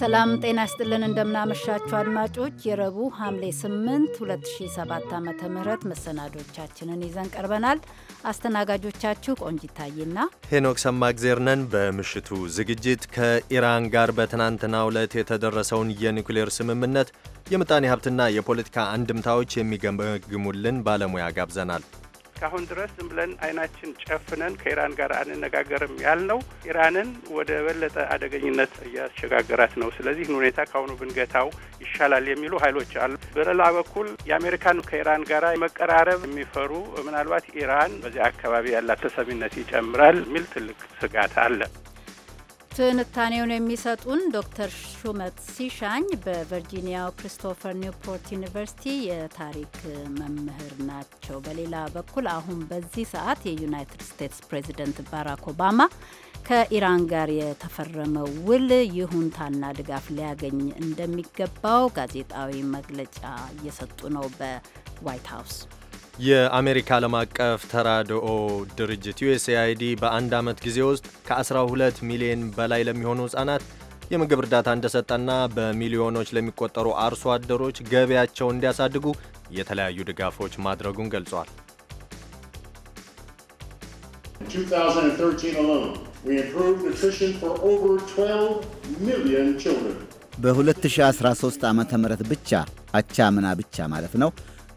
ሰላም ጤና ይስጥልን። እንደምናመሻችሁ አድማጮች የረቡዕ ሐምሌ 8 2007 ዓ ም መሰናዶቻችንን ይዘን ቀርበናል። አስተናጋጆቻችሁ ቆንጂታይና ሄኖክ ሰማግዜር ነን። በምሽቱ ዝግጅት ከኢራን ጋር በትናንትና ዕለት የተደረሰውን የኒውክሌር ስምምነት የምጣኔ ሀብትና የፖለቲካ አንድምታዎች የሚገመግሙልን ባለሙያ ጋብዘናል። እስካሁን ድረስ ዝም ብለን አይናችን ጨፍነን ከኢራን ጋር አንነጋገርም ያልነው ኢራንን ወደ በለጠ አደገኝነት እያሸጋገራት ነው። ስለዚህን ሁኔታ ከአሁኑ ብንገታው ይሻላል የሚሉ ኃይሎች አሉ። በሌላ በኩል የአሜሪካን ከኢራን ጋር መቀራረብ የሚፈሩ ምናልባት ኢራን በዚያ አካባቢ ያላት ተሰሚነት ይጨምራል የሚል ትልቅ ስጋት አለ። ትንታኔውን የሚሰጡን ዶክተር ሹመት ሲሻኝ በቨርጂኒያው ክሪስቶፈር ኒውፖርት ዩኒቨርሲቲ የታሪክ መምህር ናቸው። በሌላ በኩል አሁን በዚህ ሰዓት የዩናይትድ ስቴትስ ፕሬዚደንት ባራክ ኦባማ ከኢራን ጋር የተፈረመው ውል ይሁንታና ድጋፍ ሊያገኝ እንደሚገባው ጋዜጣዊ መግለጫ እየሰጡ ነው በዋይት ሀውስ የአሜሪካ ዓለም አቀፍ ተራድኦ ድርጅት ዩኤስኤአይዲ በአንድ ዓመት ጊዜ ውስጥ ከ12 ሚሊዮን በላይ ለሚሆኑ ሕፃናት የምግብ እርዳታ እንደሰጠና በሚሊዮኖች ለሚቆጠሩ አርሶ አደሮች ገቢያቸው እንዲያሳድጉ የተለያዩ ድጋፎች ማድረጉን ገልጿል። በ2013 ዓ ም ብቻ አቻምና ብቻ ማለት ነው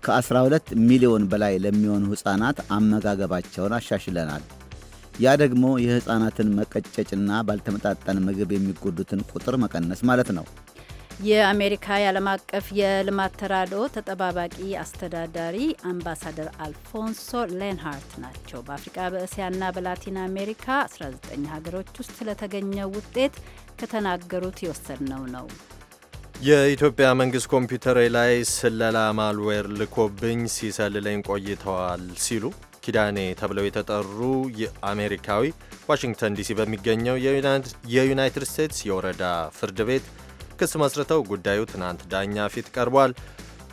ከ12 ሚሊዮን በላይ ለሚሆኑ ሕፃናት አመጋገባቸውን አሻሽለናል። ያ ደግሞ የሕፃናትን መቀጨጭና ባልተመጣጠን ምግብ የሚጎዱትን ቁጥር መቀነስ ማለት ነው። የአሜሪካ የዓለም አቀፍ የልማት ተራድኦ ተጠባባቂ አስተዳዳሪ አምባሳደር አልፎንሶ ሌንሃርት ናቸው። በአፍሪቃ በእስያና በላቲን አሜሪካ 19 ሀገሮች ውስጥ ስለተገኘው ውጤት ከተናገሩት የወሰድነው ነው። የኢትዮጵያ መንግስት ኮምፒውተሬ ላይ ስለላ ማልዌር ልኮብኝ ሲሰልለኝ ቆይተዋል ሲሉ ኪዳኔ ተብለው የተጠሩ አሜሪካዊ ዋሽንግተን ዲሲ በሚገኘው የዩናይትድ ስቴትስ የወረዳ ፍርድ ቤት ክስ መስርተው ጉዳዩ ትናንት ዳኛ ፊት ቀርቧል።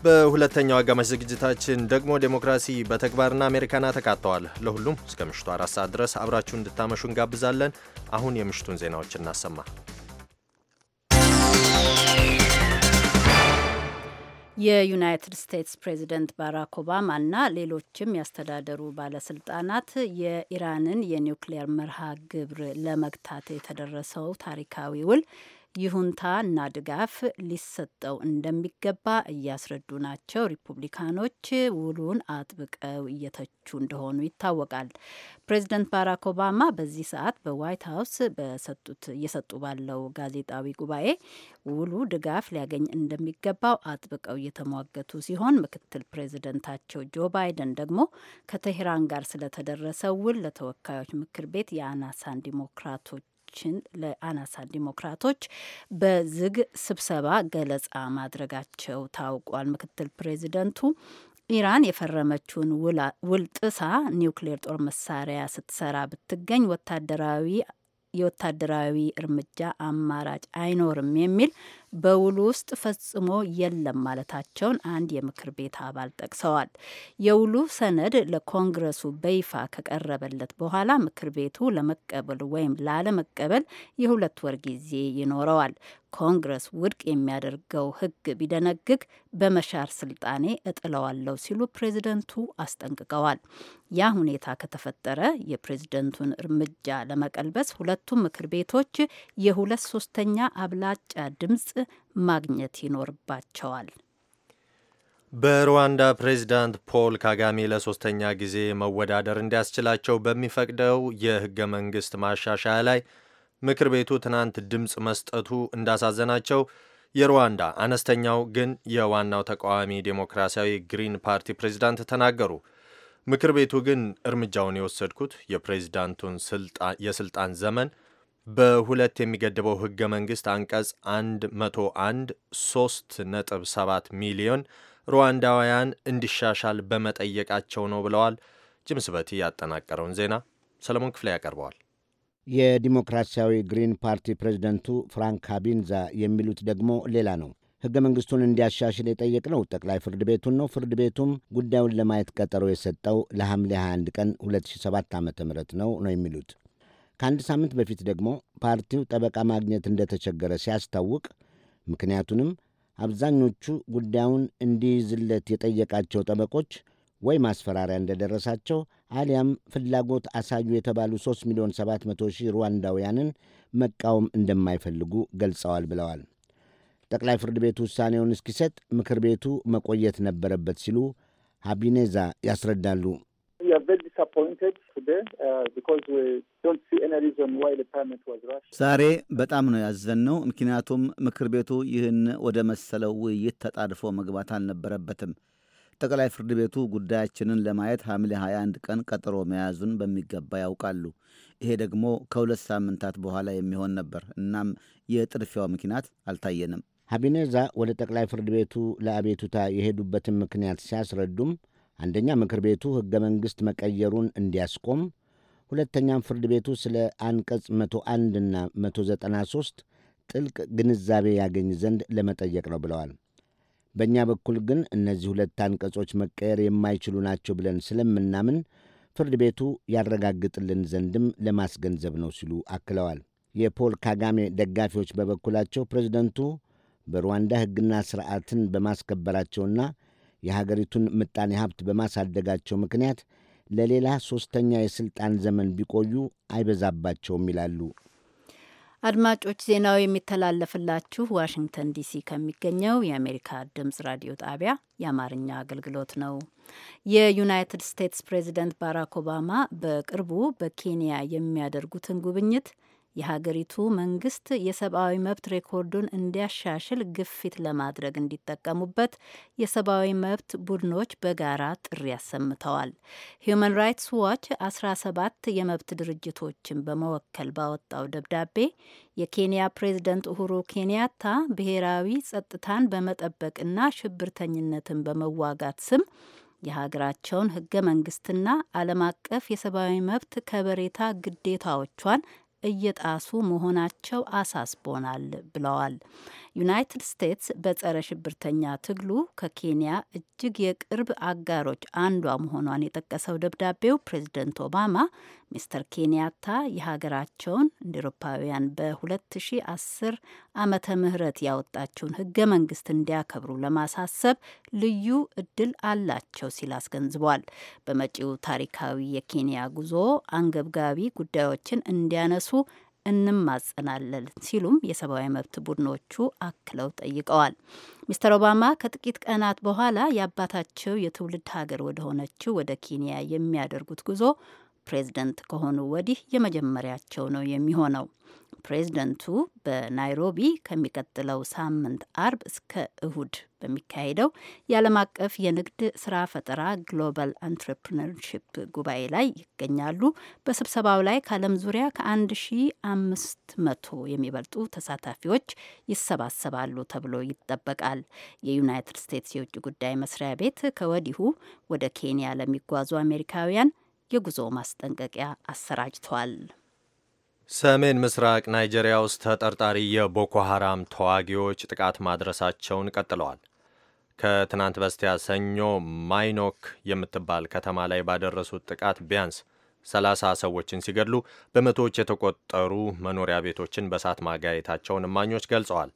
በሁለተኛው አጋማሽ ዝግጅታችን ደግሞ ዴሞክራሲ በተግባርና አሜሪካና ተካተዋል። ለሁሉም እስከ ምሽቱ አራት ሰዓት ድረስ አብራችሁ እንድታመሹ እንጋብዛለን። አሁን የምሽቱን ዜናዎች እናሰማ። የዩናይትድ ስቴትስ ፕሬዚደንት ባራክ ኦባማና ሌሎችም ያስተዳደሩ ባለስልጣናት የኢራንን የኒውክሌር መርሃ ግብር ለመግታት የተደረሰው ታሪካዊ ውል ይሁንታ እና ድጋፍ ሊሰጠው እንደሚገባ እያስረዱ ናቸው። ሪፑብሊካኖች ውሉን አጥብቀው እየተቹ እንደሆኑ ይታወቃል። ፕሬዚደንት ባራክ ኦባማ በዚህ ሰዓት በዋይት ሀውስ በሰጡት እየሰጡ ባለው ጋዜጣዊ ጉባኤ ውሉ ድጋፍ ሊያገኝ እንደሚገባው አጥብቀው እየተሟገቱ ሲሆን ምክትል ፕሬዚደንታቸው ጆ ባይደን ደግሞ ከቴሄራን ጋር ስለተደረሰው ውል ለተወካዮች ምክር ቤት የአናሳን ዲሞክራቶች እጩዎችን ለአናሳ ዲሞክራቶች በዝግ ስብሰባ ገለጻ ማድረጋቸው ታውቋል። ምክትል ፕሬዚደንቱ ኢራን የፈረመችውን ውል ጥሳ ኒውክሌር ጦር መሳሪያ ስትሰራ ብትገኝ ወታደራዊ የወታደራዊ እርምጃ አማራጭ አይኖርም የሚል በውሉ ውስጥ ፈጽሞ የለም ማለታቸውን አንድ የምክር ቤት አባል ጠቅሰዋል። የውሉ ሰነድ ለኮንግረሱ በይፋ ከቀረበለት በኋላ ምክር ቤቱ ለመቀበል ወይም ላለመቀበል የሁለት ወር ጊዜ ይኖረዋል። ኮንግረስ ውድቅ የሚያደርገው ሕግ ቢደነግግ በመሻር ስልጣኔ እጥለዋለሁ ሲሉ ፕሬዚደንቱ አስጠንቅቀዋል። ያ ሁኔታ ከተፈጠረ የፕሬዝደንቱን እርምጃ ለመቀልበስ ሁለቱም ምክር ቤቶች የሁለት ሶስተኛ አብላጫ ድምፅ ማግኘት ይኖርባቸዋል። በሩዋንዳ ፕሬዚዳንት ፖል ካጋሜ ለሶስተኛ ጊዜ መወዳደር እንዲያስችላቸው በሚፈቅደው የህገ መንግስት ማሻሻያ ላይ ምክር ቤቱ ትናንት ድምፅ መስጠቱ እንዳሳዘናቸው የሩዋንዳ አነስተኛው ግን የዋናው ተቃዋሚ ዴሞክራሲያዊ ግሪን ፓርቲ ፕሬዚዳንት ተናገሩ። ምክር ቤቱ ግን እርምጃውን የወሰድኩት የፕሬዚዳንቱን የስልጣን ዘመን በሁለት የሚገድበው ህገ መንግስት አንቀጽ 101 3.7 ሚሊዮን ሩዋንዳውያን እንዲሻሻል በመጠየቃቸው ነው ብለዋል። ጅምስ በቲ ያጠናቀረውን ዜና ሰለሞን ክፍሌ ያቀርበዋል። የዲሞክራሲያዊ ግሪን ፓርቲ ፕሬዚደንቱ ፍራንክ ካቢንዛ የሚሉት ደግሞ ሌላ ነው። ሕገ መንግሥቱን እንዲያሻሽል የጠየቅነው ጠቅላይ ፍርድ ቤቱን ነው። ፍርድ ቤቱም ጉዳዩን ለማየት ቀጠሮ የሰጠው ለሐምሌ 21 ቀን 2007 ዓ ም ነው ነው የሚሉት። ከአንድ ሳምንት በፊት ደግሞ ፓርቲው ጠበቃ ማግኘት እንደተቸገረ ሲያስታውቅ ምክንያቱንም አብዛኞቹ ጉዳዩን እንዲይዝለት የጠየቃቸው ጠበቆች ወይ ማስፈራሪያ እንደደረሳቸው አሊያም ፍላጎት አሳዩ የተባሉ 3 ሚሊዮን 700 ሺህ ሩዋንዳውያንን መቃወም እንደማይፈልጉ ገልጸዋል ብለዋል። ጠቅላይ ፍርድ ቤት ውሳኔውን እስኪሰጥ ምክር ቤቱ መቆየት ነበረበት ሲሉ ሀቢኔዛ ያስረዳሉ። uh, ዛሬ በጣም ነው ያዘንነው። ምክንያቱም ምክር ቤቱ ይህን ወደ መሰለው ውይይት ተጣድፎ መግባት አልነበረበትም። ጠቅላይ ፍርድ ቤቱ ጉዳያችንን ለማየት ሐምሌ 21 ቀን ቀጠሮ መያዙን በሚገባ ያውቃሉ። ይሄ ደግሞ ከሁለት ሳምንታት በኋላ የሚሆን ነበር። እናም የጥድፊያው ምክንያት አልታየንም። ሀቢኔዛ ወደ ጠቅላይ ፍርድ ቤቱ ለአቤቱታ የሄዱበትን ምክንያት ሲያስረዱም አንደኛ ምክር ቤቱ ሕገ መንግሥት መቀየሩን እንዲያስቆም፣ ሁለተኛም ፍርድ ቤቱ ስለ አንቀጽ 101 እና 193 ጥልቅ ግንዛቤ ያገኝ ዘንድ ለመጠየቅ ነው ብለዋል። በእኛ በኩል ግን እነዚህ ሁለት አንቀጾች መቀየር የማይችሉ ናቸው ብለን ስለምናምን ፍርድ ቤቱ ያረጋግጥልን ዘንድም ለማስገንዘብ ነው ሲሉ አክለዋል። የፖል ካጋሜ ደጋፊዎች በበኩላቸው ፕሬዚደንቱ በሩዋንዳ ሕግና ሥርዓትን በማስከበራቸውና የሀገሪቱን ምጣኔ ሀብት በማሳደጋቸው ምክንያት ለሌላ ሦስተኛ የሥልጣን ዘመን ቢቆዩ አይበዛባቸውም ይላሉ። አድማጮች ዜናው የሚተላለፍላችሁ ዋሽንግተን ዲሲ ከሚገኘው የአሜሪካ ድምጽ ራዲዮ ጣቢያ የአማርኛ አገልግሎት ነው። የዩናይትድ ስቴትስ ፕሬዚደንት ባራክ ኦባማ በቅርቡ በኬንያ የሚያደርጉትን ጉብኝት የሀገሪቱ መንግስት የሰብአዊ መብት ሬኮርዱን እንዲያሻሽል ግፊት ለማድረግ እንዲጠቀሙበት የሰብአዊ መብት ቡድኖች በጋራ ጥሪ አሰምተዋል። ሂዩማን ራይትስ ዋች 17 የመብት ድርጅቶችን በመወከል ባወጣው ደብዳቤ የኬንያ ፕሬዝደንት ኡሁሩ ኬንያታ ብሔራዊ ጸጥታን በመጠበቅና ሽብርተኝነትን በመዋጋት ስም የሀገራቸውን ህገ መንግስትና ዓለም አቀፍ የሰብአዊ መብት ከበሬታ ግዴታዎቿን እየጣሱ መሆናቸው አሳስቦናል ብለዋል። ዩናይትድ ስቴትስ በጸረ ሽብርተኛ ትግሉ ከኬንያ እጅግ የቅርብ አጋሮች አንዷ መሆኗን የጠቀሰው ደብዳቤው ፕሬዝደንት ኦባማ ሚስተር ኬንያታ የሀገራቸውን እንደ ኤሮፓውያን በ2010 ዓመተ ምህረት ያወጣቸውን ህገ መንግስት እንዲያከብሩ ለማሳሰብ ልዩ እድል አላቸው ሲል አስገንዝቧል። በመጪው ታሪካዊ የኬንያ ጉዞ አንገብጋቢ ጉዳዮችን እንዲያነሱ እንማጸናለን ሲሉም የሰብአዊ መብት ቡድኖቹ አክለው ጠይቀዋል። ሚስተር ኦባማ ከጥቂት ቀናት በኋላ የአባታቸው የትውልድ ሀገር ወደ ሆነችው ወደ ኬንያ የሚያደርጉት ጉዞ ፕሬዝደንት ከሆኑ ወዲህ የመጀመሪያቸው ነው የሚሆነው። ፕሬዝደንቱ በናይሮቢ ከሚቀጥለው ሳምንት አርብ እስከ እሁድ በሚካሄደው የዓለም አቀፍ የንግድ ስራ ፈጠራ ግሎባል አንትረፕረነርሺፕ ጉባኤ ላይ ይገኛሉ። በስብሰባው ላይ ከዓለም ዙሪያ ከ1500 የሚበልጡ ተሳታፊዎች ይሰባሰባሉ ተብሎ ይጠበቃል። የዩናይትድ ስቴትስ የውጭ ጉዳይ መስሪያ ቤት ከወዲሁ ወደ ኬንያ ለሚጓዙ አሜሪካውያን የጉዞ ማስጠንቀቂያ አሰራጭቷል። ሰሜን ምስራቅ ናይጄሪያ ውስጥ ተጠርጣሪ የቦኮ ሐራም ተዋጊዎች ጥቃት ማድረሳቸውን ቀጥለዋል። ከትናንት በስቲያ ሰኞ ማይኖክ የምትባል ከተማ ላይ ባደረሱት ጥቃት ቢያንስ ሰላሳ ሰዎችን ሲገድሉ በመቶዎች የተቆጠሩ መኖሪያ ቤቶችን በእሳት ማጋየታቸውን እማኞች ገልጸዋል።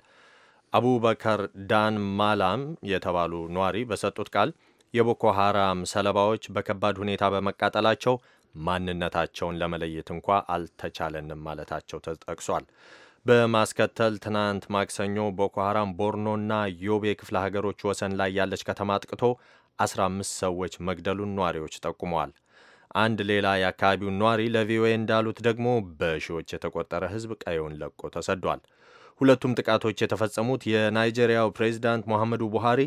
አቡበከር ዳን ማላም የተባሉ ነዋሪ በሰጡት ቃል የቦኮ ሐራም ሰለባዎች በከባድ ሁኔታ በመቃጠላቸው ማንነታቸውን ለመለየት እንኳ አልተቻለንም ማለታቸው ተጠቅሷል። በማስከተል ትናንት ማክሰኞ ቦኮ ሐራም ቦርኖና ዮቤ ክፍለ ሀገሮች ወሰን ላይ ያለች ከተማ አጥቅቶ 15 ሰዎች መግደሉን ነዋሪዎች ጠቁመዋል። አንድ ሌላ የአካባቢው ነዋሪ ለቪኦኤ እንዳሉት ደግሞ በሺዎች የተቆጠረ ሕዝብ ቀየውን ለቆ ተሰዷል። ሁለቱም ጥቃቶች የተፈጸሙት የናይጄሪያው ፕሬዚዳንት ሞሐመዱ ቡሃሪ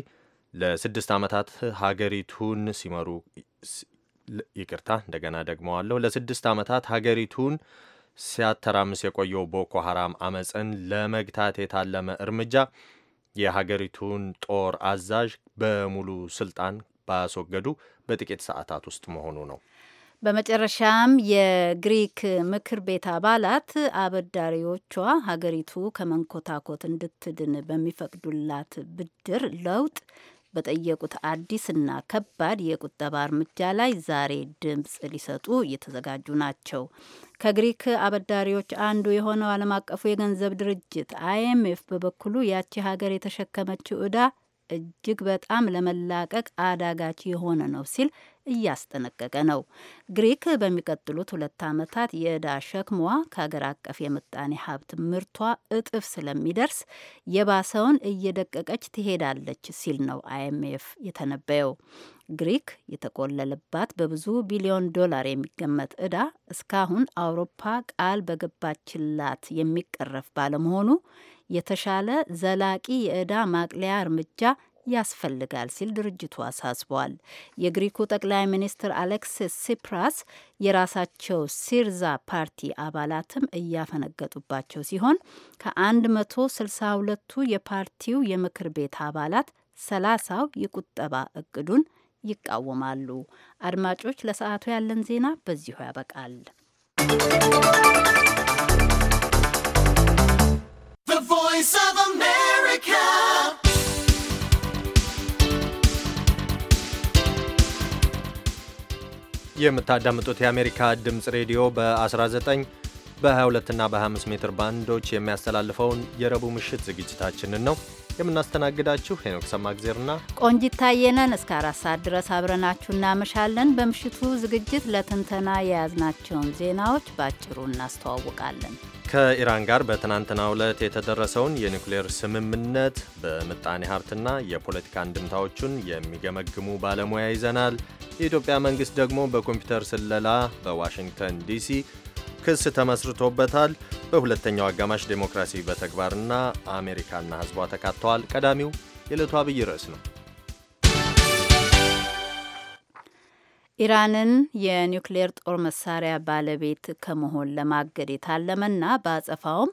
ለስድስት ዓመታት ሀገሪቱን ሲመሩ ይቅርታ፣ እንደገና ደግመዋለሁ። ለስድስት ዓመታት ሀገሪቱን ሲያተራምስ የቆየው ቦኮ ሀራም አመፅን ለመግታት የታለመ እርምጃ የሀገሪቱን ጦር አዛዥ በሙሉ ስልጣን ባስወገዱ በጥቂት ሰዓታት ውስጥ መሆኑ ነው። በመጨረሻም የግሪክ ምክር ቤት አባላት አበዳሪዎቿ ሀገሪቱ ከመንኮታኮት እንድትድን በሚፈቅዱላት ብድር ለውጥ በጠየቁት አዲስና ከባድ የቁጠባ እርምጃ ላይ ዛሬ ድምፅ ሊሰጡ እየተዘጋጁ ናቸው። ከግሪክ አበዳሪዎች አንዱ የሆነው ዓለም አቀፉ የገንዘብ ድርጅት አይኤምኤፍ በበኩሉ ያቺ ሀገር የተሸከመችው ዕዳ እጅግ በጣም ለመላቀቅ አዳጋች የሆነ ነው ሲል እያስጠነቀቀ ነው። ግሪክ በሚቀጥሉት ሁለት ዓመታት የዕዳ ሸክሟ ከሀገር አቀፍ የምጣኔ ሀብት ምርቷ እጥፍ ስለሚደርስ የባሰውን እየደቀቀች ትሄዳለች ሲል ነው አይኤምኤፍ የተነበየው። ግሪክ የተቆለለባት በብዙ ቢሊዮን ዶላር የሚገመት ዕዳ እስካሁን አውሮፓ ቃል በገባችላት የሚቀረፍ ባለመሆኑ የተሻለ ዘላቂ የዕዳ ማቅለያ እርምጃ ያስፈልጋል ሲል ድርጅቱ አሳስቧል። የግሪኩ ጠቅላይ ሚኒስትር አሌክሲስ ሲፕራስ የራሳቸው ሲርዛ ፓርቲ አባላትም እያፈነገጡባቸው ሲሆን ከ162ቱ የፓርቲው የምክር ቤት አባላት ሰላሳው የቁጠባ እቅዱን ይቃወማሉ። አድማጮች፣ ለሰዓቱ ያለን ዜና በዚሁ ያበቃል። voice of የምታዳምጡት የአሜሪካ ድምፅ ሬዲዮ በ19 በ22 እና በ25 ሜትር ባንዶች የሚያስተላልፈውን የረቡዕ ምሽት ዝግጅታችንን ነው የምናስተናግዳችሁ ሄኖክ ሰማግዜርና ቆንጂት ታየነን። እስከ አራት ሰዓት ድረስ አብረናችሁ እናመሻለን። በምሽቱ ዝግጅት ለትንተና የያዝናቸውን ዜናዎች በአጭሩ እናስተዋውቃለን። ከኢራን ጋር በትናንትናው ዕለት የተደረሰውን የኒውክሌር ስምምነት በምጣኔ ሀብትና የፖለቲካ አንድምታዎቹን የሚገመግሙ ባለሙያ ይዘናል። የኢትዮጵያ መንግሥት ደግሞ በኮምፒውተር ስለላ በዋሽንግተን ዲሲ ክስ ተመስርቶበታል። በሁለተኛው አጋማሽ ዴሞክራሲ በተግባርና አሜሪካና ሕዝቧ ተካተዋል። ቀዳሚው የዕለቱ አብይ ርዕስ ነው። ኢራንን የኒውክሌር ጦር መሳሪያ ባለቤት ከመሆን ለማገድ የታለመና በአጸፋውም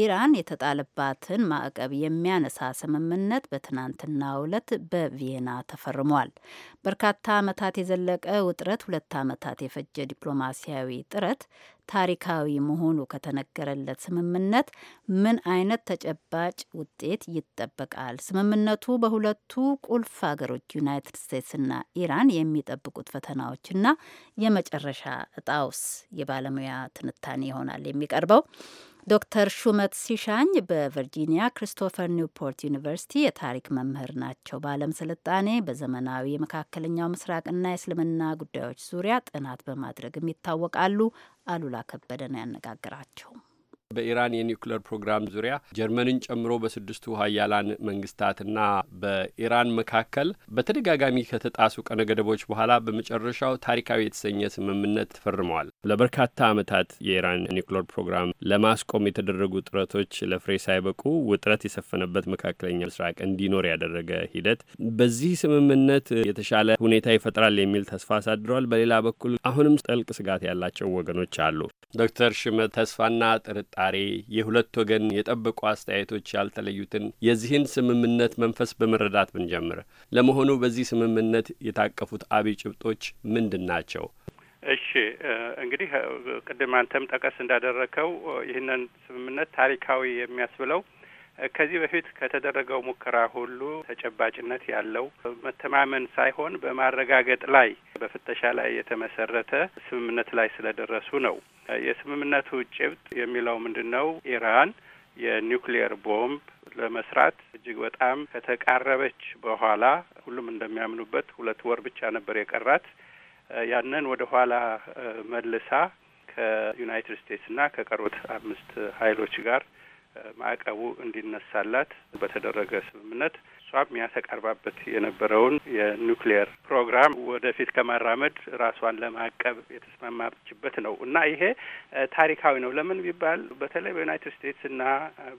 ኢራን የተጣለባትን ማዕቀብ የሚያነሳ ስምምነት በትናንትናው ዕለት በቪየና ተፈርሟል። በርካታ ዓመታት የዘለቀ ውጥረት፣ ሁለት ዓመታት የፈጀ ዲፕሎማሲያዊ ጥረት ታሪካዊ መሆኑ ከተነገረለት ስምምነት ምን አይነት ተጨባጭ ውጤት ይጠበቃል? ስምምነቱ በሁለቱ ቁልፍ ሀገሮች ዩናይትድ ስቴትስና ኢራን የሚጠብቁት ፈተናዎችና የመጨረሻ እጣውስ የባለሙያ ትንታኔ ይሆናል የሚቀርበው። ዶክተር ሹመት ሲሻኝ በቨርጂኒያ ክሪስቶፈር ኒውፖርት ዩኒቨርሲቲ የታሪክ መምህር ናቸው። በዓለም ስልጣኔ በዘመናዊ የመካከለኛው ምስራቅና የእስልምና ጉዳዮች ዙሪያ ጥናት በማድረግም ይታወቃሉ። አሉላ ከበደ ነው ያነጋግራቸው። በኢራን የኒውክሌር ፕሮግራም ዙሪያ ጀርመንን ጨምሮ በስድስቱ ሀያላን መንግስታትና በኢራን መካከል በተደጋጋሚ ከተጣሱ ቀነ ገደቦች በኋላ በመጨረሻው ታሪካዊ የተሰኘ ስምምነት ተፈርመዋል። ለበርካታ ዓመታት የኢራን ኒውክሌር ፕሮግራም ለማስቆም የተደረጉ ጥረቶች ለፍሬ ሳይበቁ ውጥረት የሰፈነበት መካከለኛ ምስራቅ እንዲኖር ያደረገ ሂደት በዚህ ስምምነት የተሻለ ሁኔታ ይፈጥራል የሚል ተስፋ አሳድረዋል። በሌላ በኩል አሁንም ጥልቅ ስጋት ያላቸው ወገኖች አሉ። ዶክተር ሽመት ተስፋና ጥርጣ ጥርጣሬ፣ የሁለት ወገን የጠበቁ አስተያየቶች ያልተለዩትን የዚህን ስምምነት መንፈስ በመረዳት ብንጀምር፣ ለመሆኑ በዚህ ስምምነት የታቀፉት አብይ ጭብጦች ምንድን ናቸው? እሺ እንግዲህ ቅድም አንተም ጠቀስ እንዳደረከው ይህንን ስምምነት ታሪካዊ የሚያስብለው ከዚህ በፊት ከተደረገው ሙከራ ሁሉ ተጨባጭነት ያለው መተማመን ሳይሆን በማረጋገጥ ላይ በፍተሻ ላይ የተመሰረተ ስምምነት ላይ ስለደረሱ ነው። የስምምነቱ ጭብጥ የሚለው ምንድን ነው? ኢራን የኒውክሊየር ቦምብ ለመስራት እጅግ በጣም ከተቃረበች በኋላ ሁሉም እንደሚያምኑበት ሁለት ወር ብቻ ነበር የቀራት። ያንን ወደ ኋላ መልሳ ከዩናይትድ ስቴትስና ከቀሩት አምስት ኃይሎች ጋር ማዕቀቡ እንዲነሳላት በተደረገ ስምምነት እሷም ያተቀርባበት የነበረውን የኒውክሊየር ፕሮግራም ወደፊት ከማራመድ ራሷን ለማቀብ የተስማማችበት ነው እና ይሄ ታሪካዊ ነው። ለምን ቢባል በተለይ በዩናይትድ ስቴትስ እና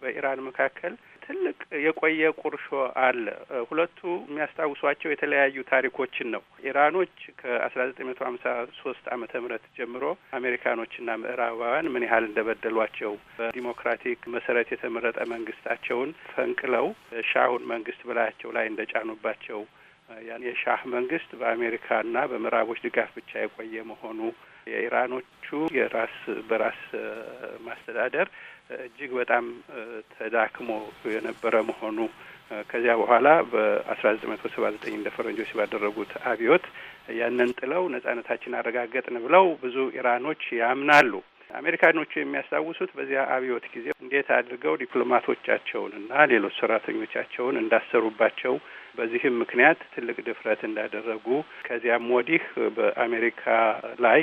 በኢራን መካከል ትልቅ የቆየ ቁርሾ አለ። ሁለቱ የሚያስታውሷቸው የተለያዩ ታሪኮችን ነው። ኢራኖች ከአስራ ዘጠኝ መቶ ሀምሳ ሶስት አመተ ምህረት ጀምሮ አሜሪካኖችና ምዕራባውያን ምን ያህል እንደበደሏቸው በዲሞክራቲክ መሰረት የተመረጠ መንግስታቸውን ፈንቅለው ሻሁን መንግስት በላያቸው ላይ እንደጫኑባቸው ያን የሻህ መንግስት በአሜሪካና በምዕራቦች ድጋፍ ብቻ የቆየ መሆኑ የኢራኖቹ የራስ በራስ ማስተዳደር እጅግ በጣም ተዳክሞ የነበረ መሆኑ ከዚያ በኋላ በአስራ ዘጠኝ መቶ ሰባ ዘጠኝ እንደ ፈረንጆች ባደረጉት አብዮት ያንን ጥለው ነጻነታችን አረጋገጥን ብለው ብዙ ኢራኖች ያምናሉ። አሜሪካኖቹ የሚያስታውሱት በዚያ አብዮት ጊዜ እንዴት አድርገው ዲፕሎማቶቻቸውንና ሌሎች ሰራተኞቻቸውን እንዳሰሩባቸው በዚህም ምክንያት ትልቅ ድፍረት እንዳደረጉ ከዚያም ወዲህ በአሜሪካ ላይ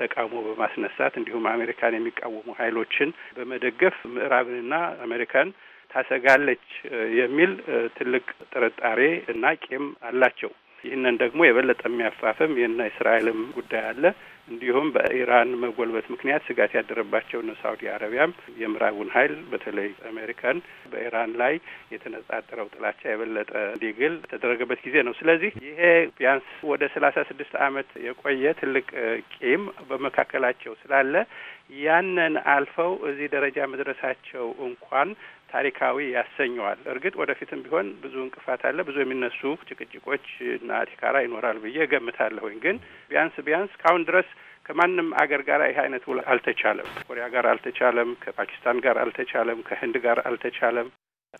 ተቃውሞ በማስነሳት እንዲሁም አሜሪካን የሚቃወሙ ኃይሎችን በመደገፍ ምዕራብንና አሜሪካን ታሰጋለች የሚል ትልቅ ጥርጣሬ እና ቂም አላቸው። ይህንን ደግሞ የበለጠ የሚያፋፍም የእነ እስራኤልም ጉዳይ አለ። እንዲሁም በኢራን መጎልበት ምክንያት ስጋት ያደረባቸው ነው። ሳውዲ አረቢያም የምዕራቡን ኃይል በተለይ አሜሪካን በኢራን ላይ የተነጣጠረው ጥላቻ የበለጠ እንዲግል ተደረገበት ጊዜ ነው። ስለዚህ ይሄ ቢያንስ ወደ ሰላሳ ስድስት ዓመት የቆየ ትልቅ ቂም በመካከላቸው ስላለ ያንን አልፈው እዚህ ደረጃ መድረሳቸው እንኳን ታሪካዊ ያሰኘዋል። እርግጥ ወደፊትም ቢሆን ብዙ እንቅፋት አለ፣ ብዙ የሚነሱ ጭቅጭቆች እና ቲካራ ይኖራል ብዬ እገምታለሁኝ። ግን ቢያንስ ቢያንስ ካሁን ድረስ ከማንም አገር ጋር ይህ አይነት ውል አልተቻለም። ከኮሪያ ጋር አልተቻለም፣ ከፓኪስታን ጋር አልተቻለም፣ ከህንድ ጋር አልተቻለም፣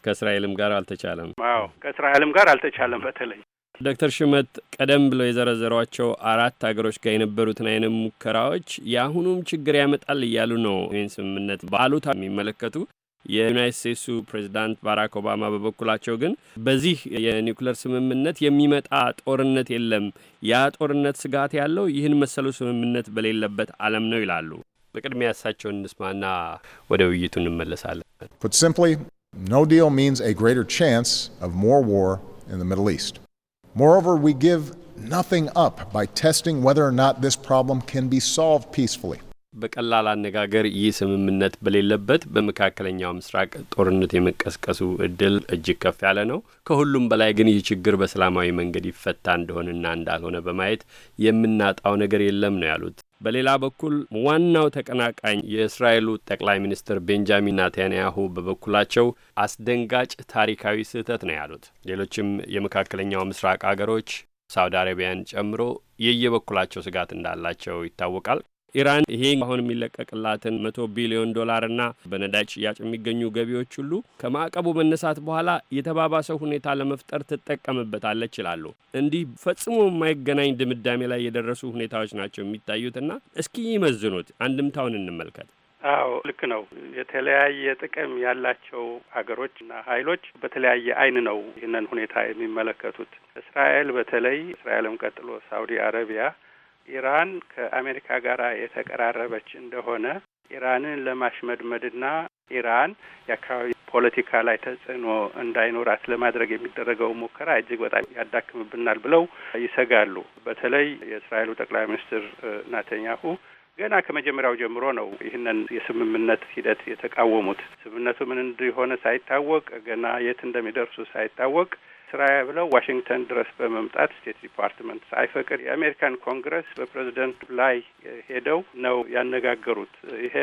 ከእስራኤልም ጋር አልተቻለም። አዎ ከእስራኤልም ጋር አልተቻለም። በተለይ ዶክተር ሽመት ቀደም ብለው የዘረዘሯቸው አራት ሀገሮች ጋር የነበሩትን አይነት ሙከራዎች የአሁኑም ችግር ያመጣል እያሉ ነው ይህን ስምምነት በአሉታ የሚመለከቱ የዩናይት ስቴትሱ ፕሬዚዳንት ባራክ ኦባማ በበኩላቸው ግን በዚህ የኒውክሌር ስምምነት የሚመጣ ጦርነት የለም፣ ያ ጦርነት ስጋት ያለው ይህን መሰሉ ስምምነት በሌለበት ዓለም ነው ይላሉ። በቅድሚያ እሳቸውን እንስማና ወደ ውይይቱ እንመለሳለን። Put simply, no deal means a greater chance of more war in the Middle East. Moreover, we give nothing up by testing whether or not this problem can be solved peacefully. በቀላል አነጋገር ይህ ስምምነት በሌለበት በመካከለኛው ምስራቅ ጦርነት የመቀስቀሱ እድል እጅግ ከፍ ያለ ነው። ከሁሉም በላይ ግን ይህ ችግር በሰላማዊ መንገድ ይፈታ እንደሆነና እንዳልሆነ በማየት የምናጣው ነገር የለም ነው ያሉት። በሌላ በኩል ዋናው ተቀናቃኝ የእስራኤሉ ጠቅላይ ሚኒስትር ቤንጃሚን ናታንያሁ በበኩላቸው አስደንጋጭ ታሪካዊ ስህተት ነው ያሉት። ሌሎችም የመካከለኛው ምስራቅ አገሮች ሳውዲ አረቢያን ጨምሮ የየበኩላቸው ስጋት እንዳላቸው ይታወቃል። ኢራን ይሄ አሁን የሚለቀቅላትን መቶ ቢሊዮን ዶላርና በነዳጅ ሽያጭ የሚገኙ ገቢዎች ሁሉ ከማዕቀቡ መነሳት በኋላ የተባባሰ ሁኔታ ለመፍጠር ትጠቀምበታለች ይላሉ። እንዲህ ፈጽሞ የማይገናኝ ድምዳሜ ላይ የደረሱ ሁኔታዎች ናቸው የሚታዩትና እስኪ ይመዝኑት፣ አንድምታውን እንመልከት። አዎ ልክ ነው። የተለያየ ጥቅም ያላቸው ሀገሮች እና ሀይሎች በተለያየ አይን ነው ይህንን ሁኔታ የሚመለከቱት። እስራኤል በተለይ እስራኤልም ቀጥሎ ሳውዲ አረቢያ ኢራን ከአሜሪካ ጋር የተቀራረበች እንደሆነ ኢራንን ለማሽመድመድና ኢራን የአካባቢ ፖለቲካ ላይ ተጽዕኖ እንዳይኖራት ለማድረግ የሚደረገው ሙከራ እጅግ በጣም ያዳክምብናል ብለው ይሰጋሉ። በተለይ የእስራኤሉ ጠቅላይ ሚኒስትር ናተኛሁ ገና ከመጀመሪያው ጀምሮ ነው ይህንን የስምምነት ሂደት የተቃወሙት። ስምምነቱ ምን እንደሆነ ሳይታወቅ ገና የት እንደሚደርሱ ሳይታወቅ ስራዬ ብለው ዋሽንግተን ድረስ በመምጣት ስቴት ዲፓርትመንት ሳይፈቅድ የአሜሪካን ኮንግረስ በፕሬዚደንቱ ላይ ሄደው ነው ያነጋገሩት። ይሄ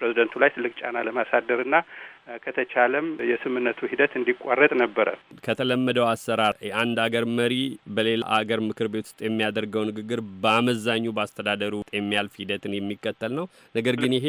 ፕሬዚደንቱ ላይ ትልቅ ጫና ለማሳደር እና ከተቻለም የስምምነቱ ሂደት እንዲቋረጥ ነበረ። ከተለመደው አሰራር የአንድ አገር መሪ በሌላ አገር ምክር ቤት ውስጥ የሚያደርገው ንግግር በአመዛኙ በአስተዳደሩ የሚያልፍ ሂደትን የሚከተል ነው። ነገር ግን ይሄ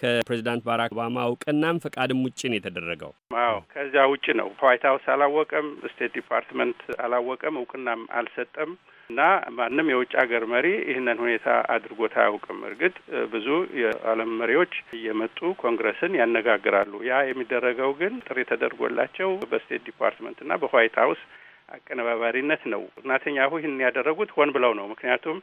ከፕሬዚዳንት ባራክ ኦባማ እውቅናም ፈቃድም ውጭ ነው የተደረገው። አዎ ከዚያ ውጭ ነው። ዋይት ሀውስ አላወቀም፣ ስቴት ዲፓርትመንት አላወቀም፣ እውቅናም አልሰጠም እና ማንም የውጭ ሀገር መሪ ይህንን ሁኔታ አድርጎት አያውቅም። እርግጥ ብዙ የዓለም መሪዎች እየመጡ ኮንግረስን ያነጋግራሉ። ያ የሚደረገው ግን ጥሪ ተደርጎላቸው በስቴት ዲፓርትመንት እና በዋይት ሀውስ አቀነባባሪነት ነው። እናተኛሁ ይህን ያደረጉት ሆን ብለው ነው። ምክንያቱም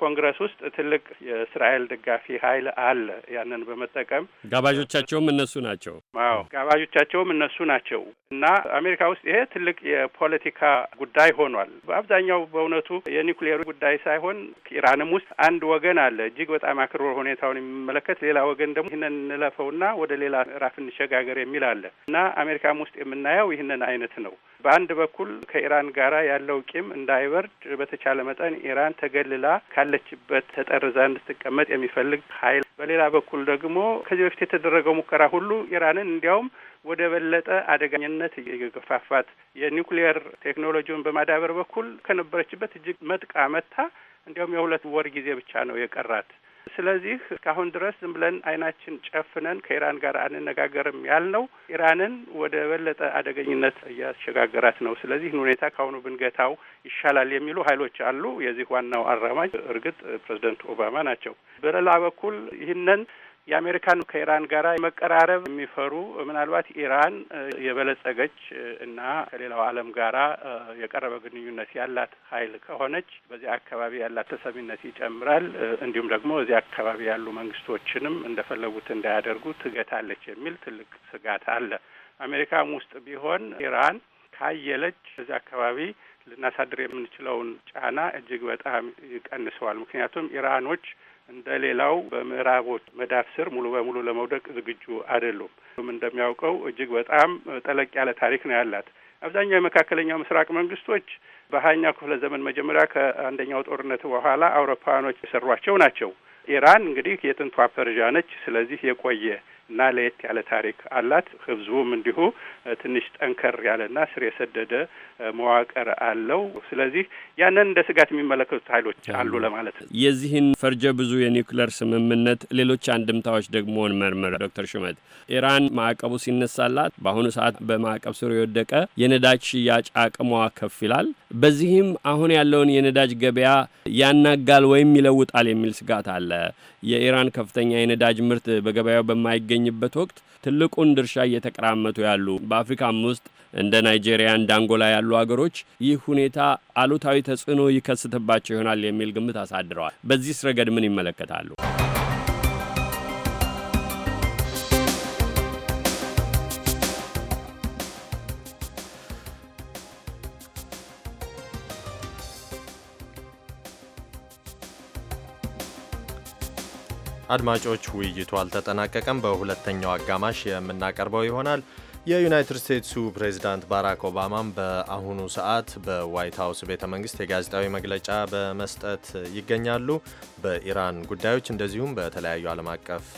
ኮንግረስ ውስጥ ትልቅ የእስራኤል ደጋፊ ኃይል አለ። ያንን በመጠቀም ጋባዦቻቸውም እነሱ ናቸው። አዎ ጋባዦቻቸውም እነሱ ናቸው እና አሜሪካ ውስጥ ይሄ ትልቅ የፖለቲካ ጉዳይ ሆኗል። በአብዛኛው በእውነቱ የኒውክሌሩ ጉዳይ ሳይሆን ኢራንም ውስጥ አንድ ወገን አለ እጅግ በጣም አክሮ ሁኔታውን የሚመለከት ሌላ ወገን ደግሞ ይህንን እንለፈውና ወደ ሌላ ምዕራፍ እንሸጋገር የሚል አለ እና አሜሪካም ውስጥ የምናየው ይህንን አይነት ነው። በአንድ በኩል ከኢራን ጋራ ያለው ቂም እንዳይበርድ በተቻለ መጠን ኢራን ተገልላ ካለችበት ተጠርዛ እንድትቀመጥ የሚፈልግ ኃይል፣ በሌላ በኩል ደግሞ ከዚህ በፊት የተደረገው ሙከራ ሁሉ ኢራንን እንዲያውም ወደ በለጠ አደገኝነት የገፋፋት የኒውክሊየር ቴክኖሎጂውን በማዳበር በኩል ከነበረችበት እጅግ መጥቃ መታ እንዲያውም የሁለት ወር ጊዜ ብቻ ነው የቀራት። ስለዚህ እስካሁን ድረስ ዝም ብለን አይናችን ጨፍነን ከኢራን ጋር አንነጋገርም ያልነው ኢራንን ወደ በለጠ አደገኝነት እያሸጋገራት ነው። ስለዚህን ሁኔታ ከአሁኑ ብንገታው ይሻላል የሚሉ ኃይሎች አሉ። የዚህ ዋናው አራማጅ እርግጥ ፕሬዚደንት ኦባማ ናቸው። በሌላ በኩል ይህንን የአሜሪካን ከኢራን ጋር መቀራረብ የሚፈሩ ምናልባት ኢራን የበለጸገች እና ከሌላው ዓለም ጋራ የቀረበ ግንኙነት ያላት ኃይል ከሆነች በዚያ አካባቢ ያላት ተሰሚነት ይጨምራል። እንዲሁም ደግሞ እዚያ አካባቢ ያሉ መንግስቶችንም እንደፈለጉት እንዳያደርጉ ትገታለች የሚል ትልቅ ስጋት አለ። አሜሪካም ውስጥ ቢሆን ኢራን ካየለች እዚያ አካባቢ ልናሳድር የምንችለውን ጫና እጅግ በጣም ይቀንሰዋል። ምክንያቱም ኢራኖች እንደ ሌላው በምዕራቦች መዳፍ ስር ሙሉ በሙሉ ለመውደቅ ዝግጁ አይደሉም። እንደሚያውቀው እጅግ በጣም ጠለቅ ያለ ታሪክ ነው ያላት። አብዛኛው የመካከለኛው ምስራቅ መንግስቶች በሀያኛው ክፍለ ዘመን መጀመሪያ ከአንደኛው ጦርነት በኋላ አውሮፓውያኖች የሰሯቸው ናቸው። ኢራን እንግዲህ የጥንቷ ፐርዣ ነች። ስለዚህ የቆየ እና ለየት ያለ ታሪክ አላት። ህዝቡም እንዲሁ ትንሽ ጠንከር ያለና ስር የሰደደ መዋቅር አለው። ስለዚህ ያንን እንደ ስጋት የሚመለከቱት ኃይሎች አሉ ለማለት ነው። የዚህን ፈርጀ ብዙ የኒውክሌር ስምምነት ሌሎች አንድምታዎች ደግሞ እንመርምር። ዶክተር ሹመት ኢራን ማዕቀቡ ሲነሳላት በአሁኑ ሰዓት በማዕቀብ ስር የወደቀ የነዳጅ ሽያጭ አቅሟ ከፍ ይላል። በዚህም አሁን ያለውን የነዳጅ ገበያ ያናጋል ወይም ይለውጣል የሚል ስጋት አለ። የኢራን ከፍተኛ የነዳጅ ምርት በገበያው በማይገኝበት ወቅት ትልቁን ድርሻ እየተቀራመቱ ያሉ በአፍሪካም ውስጥ እንደ ናይጄሪያ፣ እንደ አንጎላ ያሉ አገሮች ይህ ሁኔታ አሉታዊ ተጽዕኖ ይከስትባቸው ይሆናል የሚል ግምት አሳድረዋል። በዚህ ረገድ ምን ይመለከታሉ? አድማጮች ውይይቱ አልተጠናቀቀም። በሁለተኛው አጋማሽ የምናቀርበው ይሆናል። የዩናይትድ ስቴትሱ ፕሬዚዳንት ባራክ ኦባማም በአሁኑ ሰዓት በዋይት ሀውስ ቤተ መንግስት የጋዜጣዊ መግለጫ በመስጠት ይገኛሉ። በኢራን ጉዳዮች እንደዚሁም በተለያዩ ዓለም አቀፍ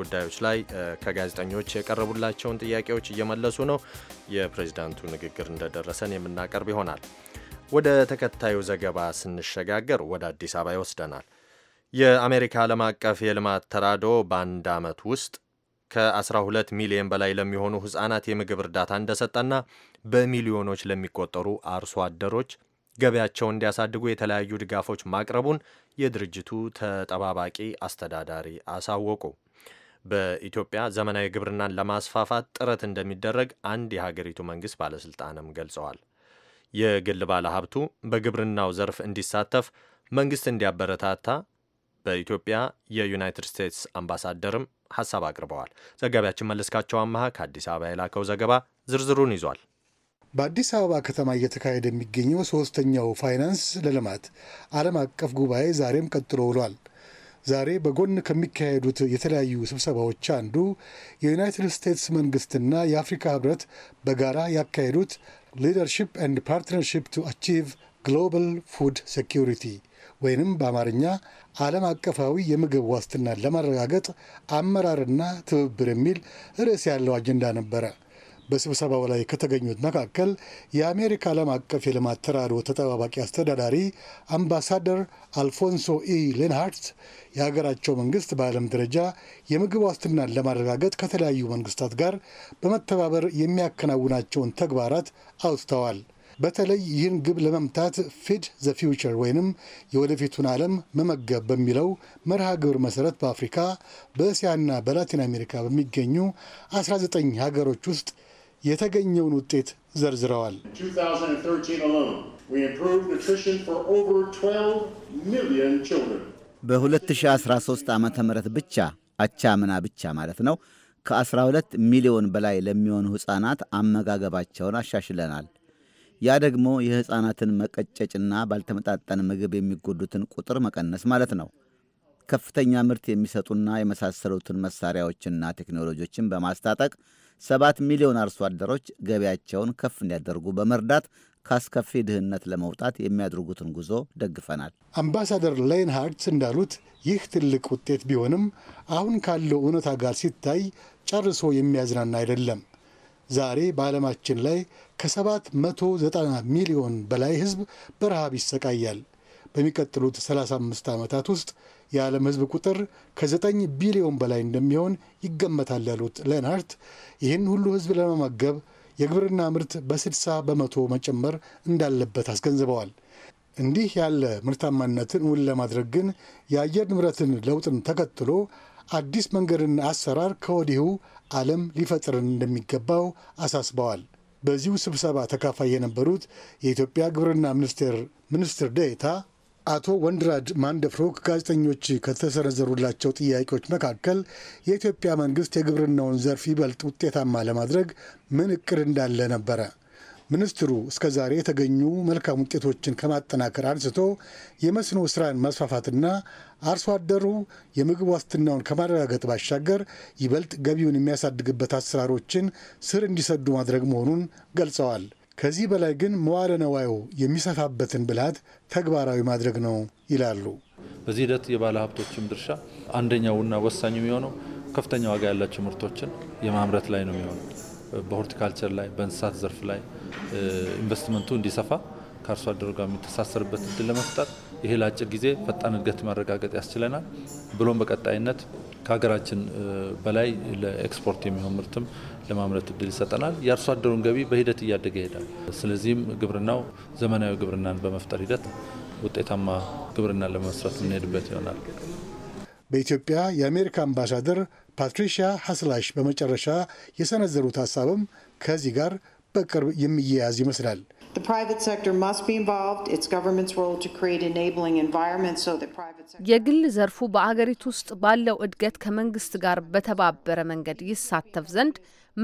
ጉዳዮች ላይ ከጋዜጠኞች የቀረቡላቸውን ጥያቄዎች እየመለሱ ነው። የፕሬዚዳንቱ ንግግር እንደደረሰን የምናቀርብ ይሆናል። ወደ ተከታዩ ዘገባ ስንሸጋገር ወደ አዲስ አበባ ይወስደናል። የአሜሪካ ዓለም አቀፍ የልማት ተራድኦ በአንድ ዓመት ውስጥ ከ12 ሚሊዮን በላይ ለሚሆኑ ሕፃናት የምግብ እርዳታ እንደሰጠና በሚሊዮኖች ለሚቆጠሩ አርሶ አደሮች ገበያቸውን እንዲያሳድጉ የተለያዩ ድጋፎች ማቅረቡን የድርጅቱ ተጠባባቂ አስተዳዳሪ አሳወቁ። በኢትዮጵያ ዘመናዊ ግብርናን ለማስፋፋት ጥረት እንደሚደረግ አንድ የሀገሪቱ መንግስት ባለስልጣንም ገልጸዋል። የግል ባለሀብቱ በግብርናው ዘርፍ እንዲሳተፍ መንግስት እንዲያበረታታ በኢትዮጵያ የዩናይትድ ስቴትስ አምባሳደርም ሀሳብ አቅርበዋል። ዘጋቢያችን መለስካቸው አመሃ ከአዲስ አበባ የላከው ዘገባ ዝርዝሩን ይዟል። በአዲስ አበባ ከተማ እየተካሄደ የሚገኘው ሶስተኛው ፋይናንስ ለልማት ዓለም አቀፍ ጉባኤ ዛሬም ቀጥሎ ውሏል። ዛሬ በጎን ከሚካሄዱት የተለያዩ ስብሰባዎች አንዱ የዩናይትድ ስቴትስ መንግስትና የአፍሪካ ህብረት በጋራ ያካሄዱት ሊደርሺፕ ኤንድ ፓርትነርሺፕ ቱ አቺቭ ግሎባል ፉድ ሴኪሪቲ ወይንም በአማርኛ ዓለም አቀፋዊ የምግብ ዋስትናን ለማረጋገጥ አመራርና ትብብር የሚል ርዕስ ያለው አጀንዳ ነበረ። በስብሰባው ላይ ከተገኙት መካከል የአሜሪካ ዓለም አቀፍ የልማት ተራድኦ ተጠባባቂ አስተዳዳሪ አምባሳደር አልፎንሶ ኢ ሌንሃርት የሀገራቸው መንግስት በዓለም ደረጃ የምግብ ዋስትናን ለማረጋገጥ ከተለያዩ መንግስታት ጋር በመተባበር የሚያከናውናቸውን ተግባራት አውስተዋል። በተለይ ይህን ግብ ለመምታት ፊድ ዘ ፊውቸር ወይንም የወደፊቱን ዓለም መመገብ በሚለው መርሃ ግብር መሰረት በአፍሪካ በእስያና በላቲን አሜሪካ በሚገኙ 19 ሀገሮች ውስጥ የተገኘውን ውጤት ዘርዝረዋል። በ2013 ዓ ም ብቻ አቻምና ብቻ ማለት ነው ከ12 ሚሊዮን በላይ ለሚሆኑ ሕፃናት አመጋገባቸውን አሻሽለናል። ያ ደግሞ የሕፃናትን መቀጨጭና ባልተመጣጠን ምግብ የሚጎዱትን ቁጥር መቀነስ ማለት ነው። ከፍተኛ ምርት የሚሰጡና የመሳሰሉትን መሳሪያዎችና ቴክኖሎጂዎችን በማስታጠቅ ሰባት ሚሊዮን አርሶ አደሮች ገቢያቸውን ከፍ እንዲያደርጉ በመርዳት ካስከፊ ድህነት ለመውጣት የሚያደርጉትን ጉዞ ደግፈናል። አምባሳደር ላይንሃርትስ እንዳሉት ይህ ትልቅ ውጤት ቢሆንም አሁን ካለው እውነታ ጋር ሲታይ ጨርሶ የሚያዝናና አይደለም። ዛሬ በዓለማችን ላይ ከ790 ሚሊዮን በላይ ህዝብ በረሃብ ይሰቃያል። በሚቀጥሉት 35 ዓመታት ውስጥ የዓለም ህዝብ ቁጥር ከ9 ቢሊዮን በላይ እንደሚሆን ይገመታል ያሉት ሌናርት ይህን ሁሉ ህዝብ ለመመገብ የግብርና ምርት በ60 በመቶ መጨመር እንዳለበት አስገንዝበዋል። እንዲህ ያለ ምርታማነትን እውን ለማድረግ ግን የአየር ንብረትን ለውጥን ተከትሎ አዲስ መንገድና አሰራር ከወዲሁ ዓለም ሊፈጥርን እንደሚገባው አሳስበዋል። በዚሁ ስብሰባ ተካፋይ የነበሩት የኢትዮጵያ ግብርና ሚኒስቴር ሚኒስትር ዴኤታ አቶ ወንድራድ ማንደፍሮ ከጋዜጠኞች ከተሰነዘሩላቸው ጥያቄዎች መካከል የኢትዮጵያ መንግስት የግብርናውን ዘርፍ ይበልጥ ውጤታማ ለማድረግ ምን እቅድ እንዳለ ነበረ። ሚኒስትሩ እስከ ዛሬ የተገኙ መልካም ውጤቶችን ከማጠናከር አንስቶ የመስኖ ስራን ማስፋፋትና አርሶ አደሩ የምግብ ዋስትናውን ከማረጋገጥ ባሻገር ይበልጥ ገቢውን የሚያሳድግበት አሰራሮችን ስር እንዲሰዱ ማድረግ መሆኑን ገልጸዋል። ከዚህ በላይ ግን መዋለ ነዋዩ የሚሰፋበትን ብልሃት ተግባራዊ ማድረግ ነው ይላሉ። በዚህ ሂደት የባለ ሀብቶችም ድርሻ አንደኛውና ወሳኝ የሚሆነው ከፍተኛ ዋጋ ያላቸው ምርቶችን የማምረት ላይ ነው የሚሆነው። በሆርቲካልቸር ላይ፣ በእንስሳት ዘርፍ ላይ፣ ኢንቨስትመንቱ እንዲሰፋ ከአርሶ አደሩ ጋር የሚተሳሰርበት እድል ለመፍጠር ይሄ ለአጭር ጊዜ ፈጣን እድገት ማረጋገጥ ያስችለናል። ብሎም በቀጣይነት ከሀገራችን በላይ ለኤክስፖርት የሚሆን ምርትም ለማምረት እድል ይሰጠናል። የአርሶ አደሩን ገቢ በሂደት እያደገ ይሄዳል። ስለዚህም ግብርናው ዘመናዊ ግብርናን በመፍጠር ሂደት ውጤታማ ግብርና ለመስራት የምንሄድበት ይሆናል። በኢትዮጵያ የአሜሪካ አምባሳደር ፓትሪሺያ ሀስላሽ በመጨረሻ የሰነዘሩት ሀሳብም ከዚህ ጋር በቅርብ የሚያያዝ ይመስላል። የግል ዘርፉ በአገሪቱ ውስጥ ባለው እድገት ከመንግስት ጋር በተባበረ መንገድ ይሳተፍ ዘንድ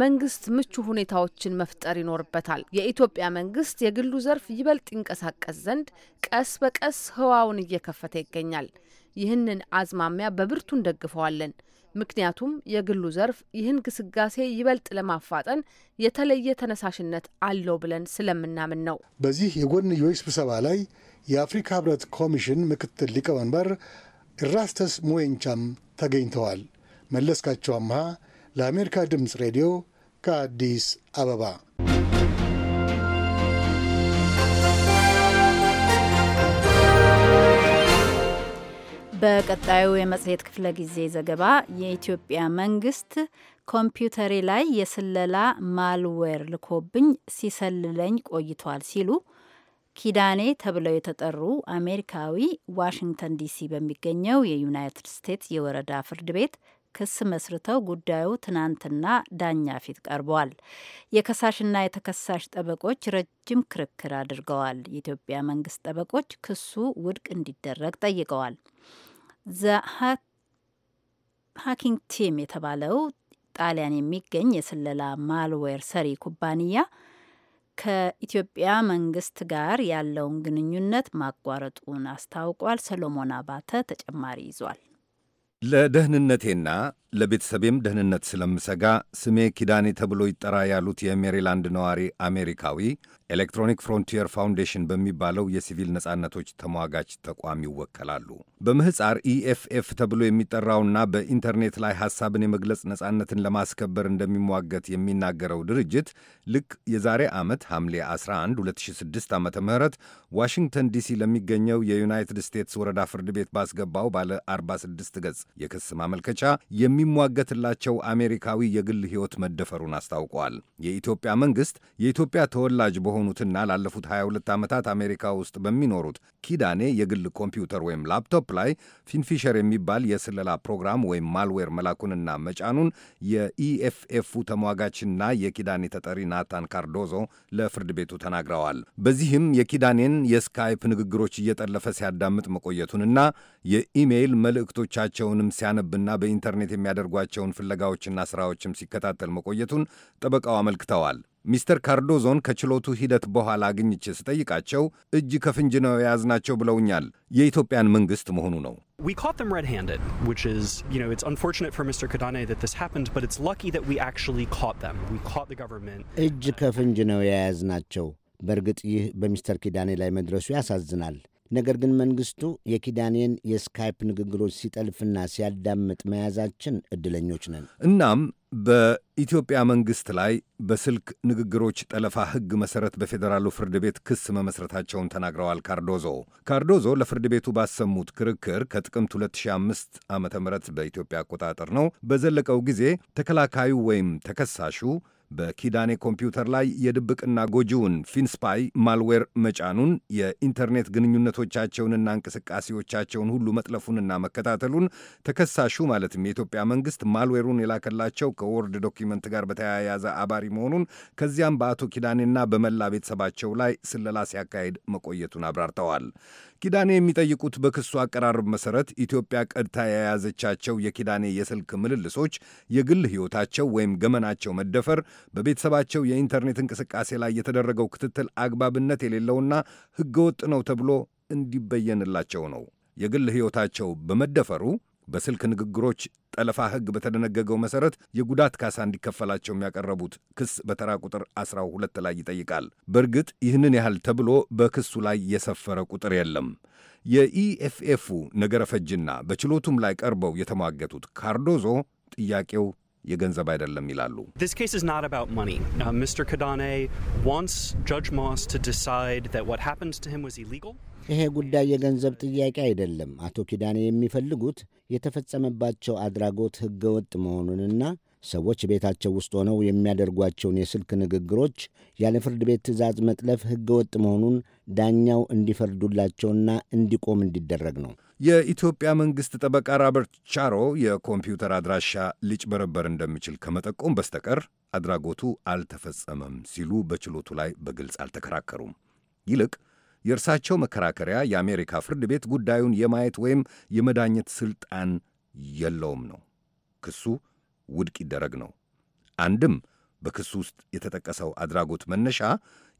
መንግስት ምቹ ሁኔታዎችን መፍጠር ይኖርበታል። የኢትዮጵያ መንግስት የግሉ ዘርፍ ይበልጥ ይንቀሳቀስ ዘንድ ቀስ በቀስ ህዋውን እየከፈተ ይገኛል። ይህንን አዝማሚያ በብርቱ እንደግፈዋለን። ምክንያቱም የግሉ ዘርፍ ይህን ግስጋሴ ይበልጥ ለማፋጠን የተለየ ተነሳሽነት አለው ብለን ስለምናምን ነው። በዚህ የጎንዮሽ ስብሰባ ላይ የአፍሪካ ህብረት ኮሚሽን ምክትል ሊቀመንበር ኢራስተስ ሙዌንቻም ተገኝተዋል። መለስካቸው አምሃ ለአሜሪካ ድምፅ ሬዲዮ ከአዲስ አበባ በቀጣዩ የመጽሔት ክፍለ ጊዜ ዘገባ የኢትዮጵያ መንግስት ኮምፒውተሬ ላይ የስለላ ማልዌር ልኮብኝ ሲሰልለኝ ቆይቷል ሲሉ ኪዳኔ ተብለው የተጠሩ አሜሪካዊ ዋሽንግተን ዲሲ በሚገኘው የዩናይትድ ስቴትስ የወረዳ ፍርድ ቤት ክስ መስርተው ጉዳዩ ትናንትና ዳኛ ፊት ቀርቧል። የከሳሽና የተከሳሽ ጠበቆች ረጅም ክርክር አድርገዋል። የኢትዮጵያ መንግስት ጠበቆች ክሱ ውድቅ እንዲደረግ ጠይቀዋል። ዘ ቲም የተባለው ጣሊያን የሚገኝ የስለላ ማልዌር ሰሪ ኩባንያ ከኢትዮጵያ መንግስት ጋር ያለውን ግንኙነት ማቋረጡን አስታውቋል። ሰሎሞን አባተ ተጨማሪ ይዟል። ለደህንነቴና ለቤተሰቤም ደህንነት ስለምሰጋ ስሜ ኪዳኔ ተብሎ ይጠራ ያሉት የሜሪላንድ ነዋሪ አሜሪካዊ ኤሌክትሮኒክ ፍሮንቲየር ፋውንዴሽን በሚባለው የሲቪል ነጻነቶች ተሟጋች ተቋም ይወከላሉ። በምህፃር ኢኤፍኤፍ e ተብሎ የሚጠራውና በኢንተርኔት ላይ ሐሳብን የመግለጽ ነጻነትን ለማስከበር እንደሚሟገት የሚናገረው ድርጅት ልክ የዛሬ ዓመት ሐምሌ 11 2006 ዓ ም ዋሽንግተን ዲሲ ለሚገኘው የዩናይትድ ስቴትስ ወረዳ ፍርድ ቤት ባስገባው ባለ 46 ገጽ የክስ ማመልከቻ የሚሟገትላቸው አሜሪካዊ የግል ሕይወት መደፈሩን አስታውቋል። የኢትዮጵያ መንግሥት የኢትዮጵያ ተወላጅ በሆኑትና ላለፉት 22 ዓመታት አሜሪካ ውስጥ በሚኖሩት ኪዳኔ የግል ኮምፒውተር ወይም ላፕቶፕ ላይ ፊንፊሸር የሚባል የስለላ ፕሮግራም ወይም ማልዌር መላኩንና መጫኑን የኢኤፍኤፉ ተሟጋችና የኪዳኔ ተጠሪ ናታን ካርዶዞ ለፍርድ ቤቱ ተናግረዋል። በዚህም የኪዳኔን የስካይፕ ንግግሮች እየጠለፈ ሲያዳምጥ መቆየቱንና የኢሜይል መልእክቶቻቸውን መጽሐፉንም ሲያነብና በኢንተርኔት የሚያደርጓቸውን ፍለጋዎችና ሥራዎችም ሲከታተል መቆየቱን ጠበቃው አመልክተዋል። ሚስተር ካርዶዞን ከችሎቱ ሂደት በኋላ አግኝቼ ስጠይቃቸው እጅ ከፍንጅ ነው የያዝናቸው ብለውኛል። የኢትዮጵያን መንግሥት መሆኑ ነው። እጅ ከፍንጅ ነው የያዝናቸው። በእርግጥ ይህ በሚስተር ኪዳኔ ላይ መድረሱ ያሳዝናል። ነገር ግን መንግስቱ የኪዳኔን የስካይፕ ንግግሮች ሲጠልፍና ሲያዳምጥ መያዛችን እድለኞች ነን። እናም በኢትዮጵያ መንግስት ላይ በስልክ ንግግሮች ጠለፋ ሕግ መሰረት በፌዴራሉ ፍርድ ቤት ክስ መመስረታቸውን ተናግረዋል። ካርዶዞ ካርዶዞ ለፍርድ ቤቱ ባሰሙት ክርክር ከጥቅምት 2005 ዓ ም በኢትዮጵያ አቆጣጠር ነው በዘለቀው ጊዜ ተከላካዩ ወይም ተከሳሹ በኪዳኔ ኮምፒውተር ላይ የድብቅና ጎጂውን ፊንስፓይ ማልዌር መጫኑን የኢንተርኔት ግንኙነቶቻቸውንና እንቅስቃሴዎቻቸውን ሁሉ መጥለፉንና መከታተሉን ተከሳሹ ማለትም የኢትዮጵያ መንግስት ማልዌሩን የላከላቸው ከወርድ ዶኪመንት ጋር በተያያዘ አባሪ መሆኑን ከዚያም በአቶ ኪዳኔና በመላ ቤተሰባቸው ላይ ስለላ ሲያካሄድ መቆየቱን አብራርተዋል። ኪዳኔ የሚጠይቁት በክሱ አቀራረብ መሠረት ኢትዮጵያ ቀድታ የያዘቻቸው የኪዳኔ የስልክ ምልልሶች የግል ሕይወታቸው ወይም ገመናቸው መደፈር፣ በቤተሰባቸው የኢንተርኔት እንቅስቃሴ ላይ የተደረገው ክትትል አግባብነት የሌለውና ሕገወጥ ነው ተብሎ እንዲበየንላቸው ነው። የግል ሕይወታቸው በመደፈሩ በስልክ ንግግሮች ጠለፋ ሕግ በተደነገገው መሰረት የጉዳት ካሳ እንዲከፈላቸው የሚያቀረቡት ክስ በተራ ቁጥር 12 ላይ ይጠይቃል። በእርግጥ ይህንን ያህል ተብሎ በክሱ ላይ የሰፈረ ቁጥር የለም። የኢኤፍኤፉ ነገረ ፈጅና በችሎቱም ላይ ቀርበው የተሟገቱት ካርዶዞ ጥያቄው የገንዘብ አይደለም ይላሉ። ይሄ ጉዳይ የገንዘብ ጥያቄ አይደለም። አቶ ኪዳኔ የሚፈልጉት የተፈጸመባቸው አድራጎት ህገወጥ መሆኑንና ሰዎች ቤታቸው ውስጥ ሆነው የሚያደርጓቸውን የስልክ ንግግሮች ያለ ፍርድ ቤት ትዕዛዝ መጥለፍ ህገወጥ መሆኑን ዳኛው እንዲፈርዱላቸውና እንዲቆም እንዲደረግ ነው። የኢትዮጵያ መንግሥት ጠበቃ ራበርት ቻሮ የኮምፒውተር አድራሻ ሊጭበረበር እንደሚችል ከመጠቆም በስተቀር አድራጎቱ አልተፈጸመም ሲሉ በችሎቱ ላይ በግልጽ አልተከራከሩም። ይልቅ የእርሳቸው መከራከሪያ የአሜሪካ ፍርድ ቤት ጉዳዩን የማየት ወይም የመዳኘት ሥልጣን የለውም ነው። ክሱ ውድቅ ይደረግ ነው። አንድም በክሱ ውስጥ የተጠቀሰው አድራጎት መነሻ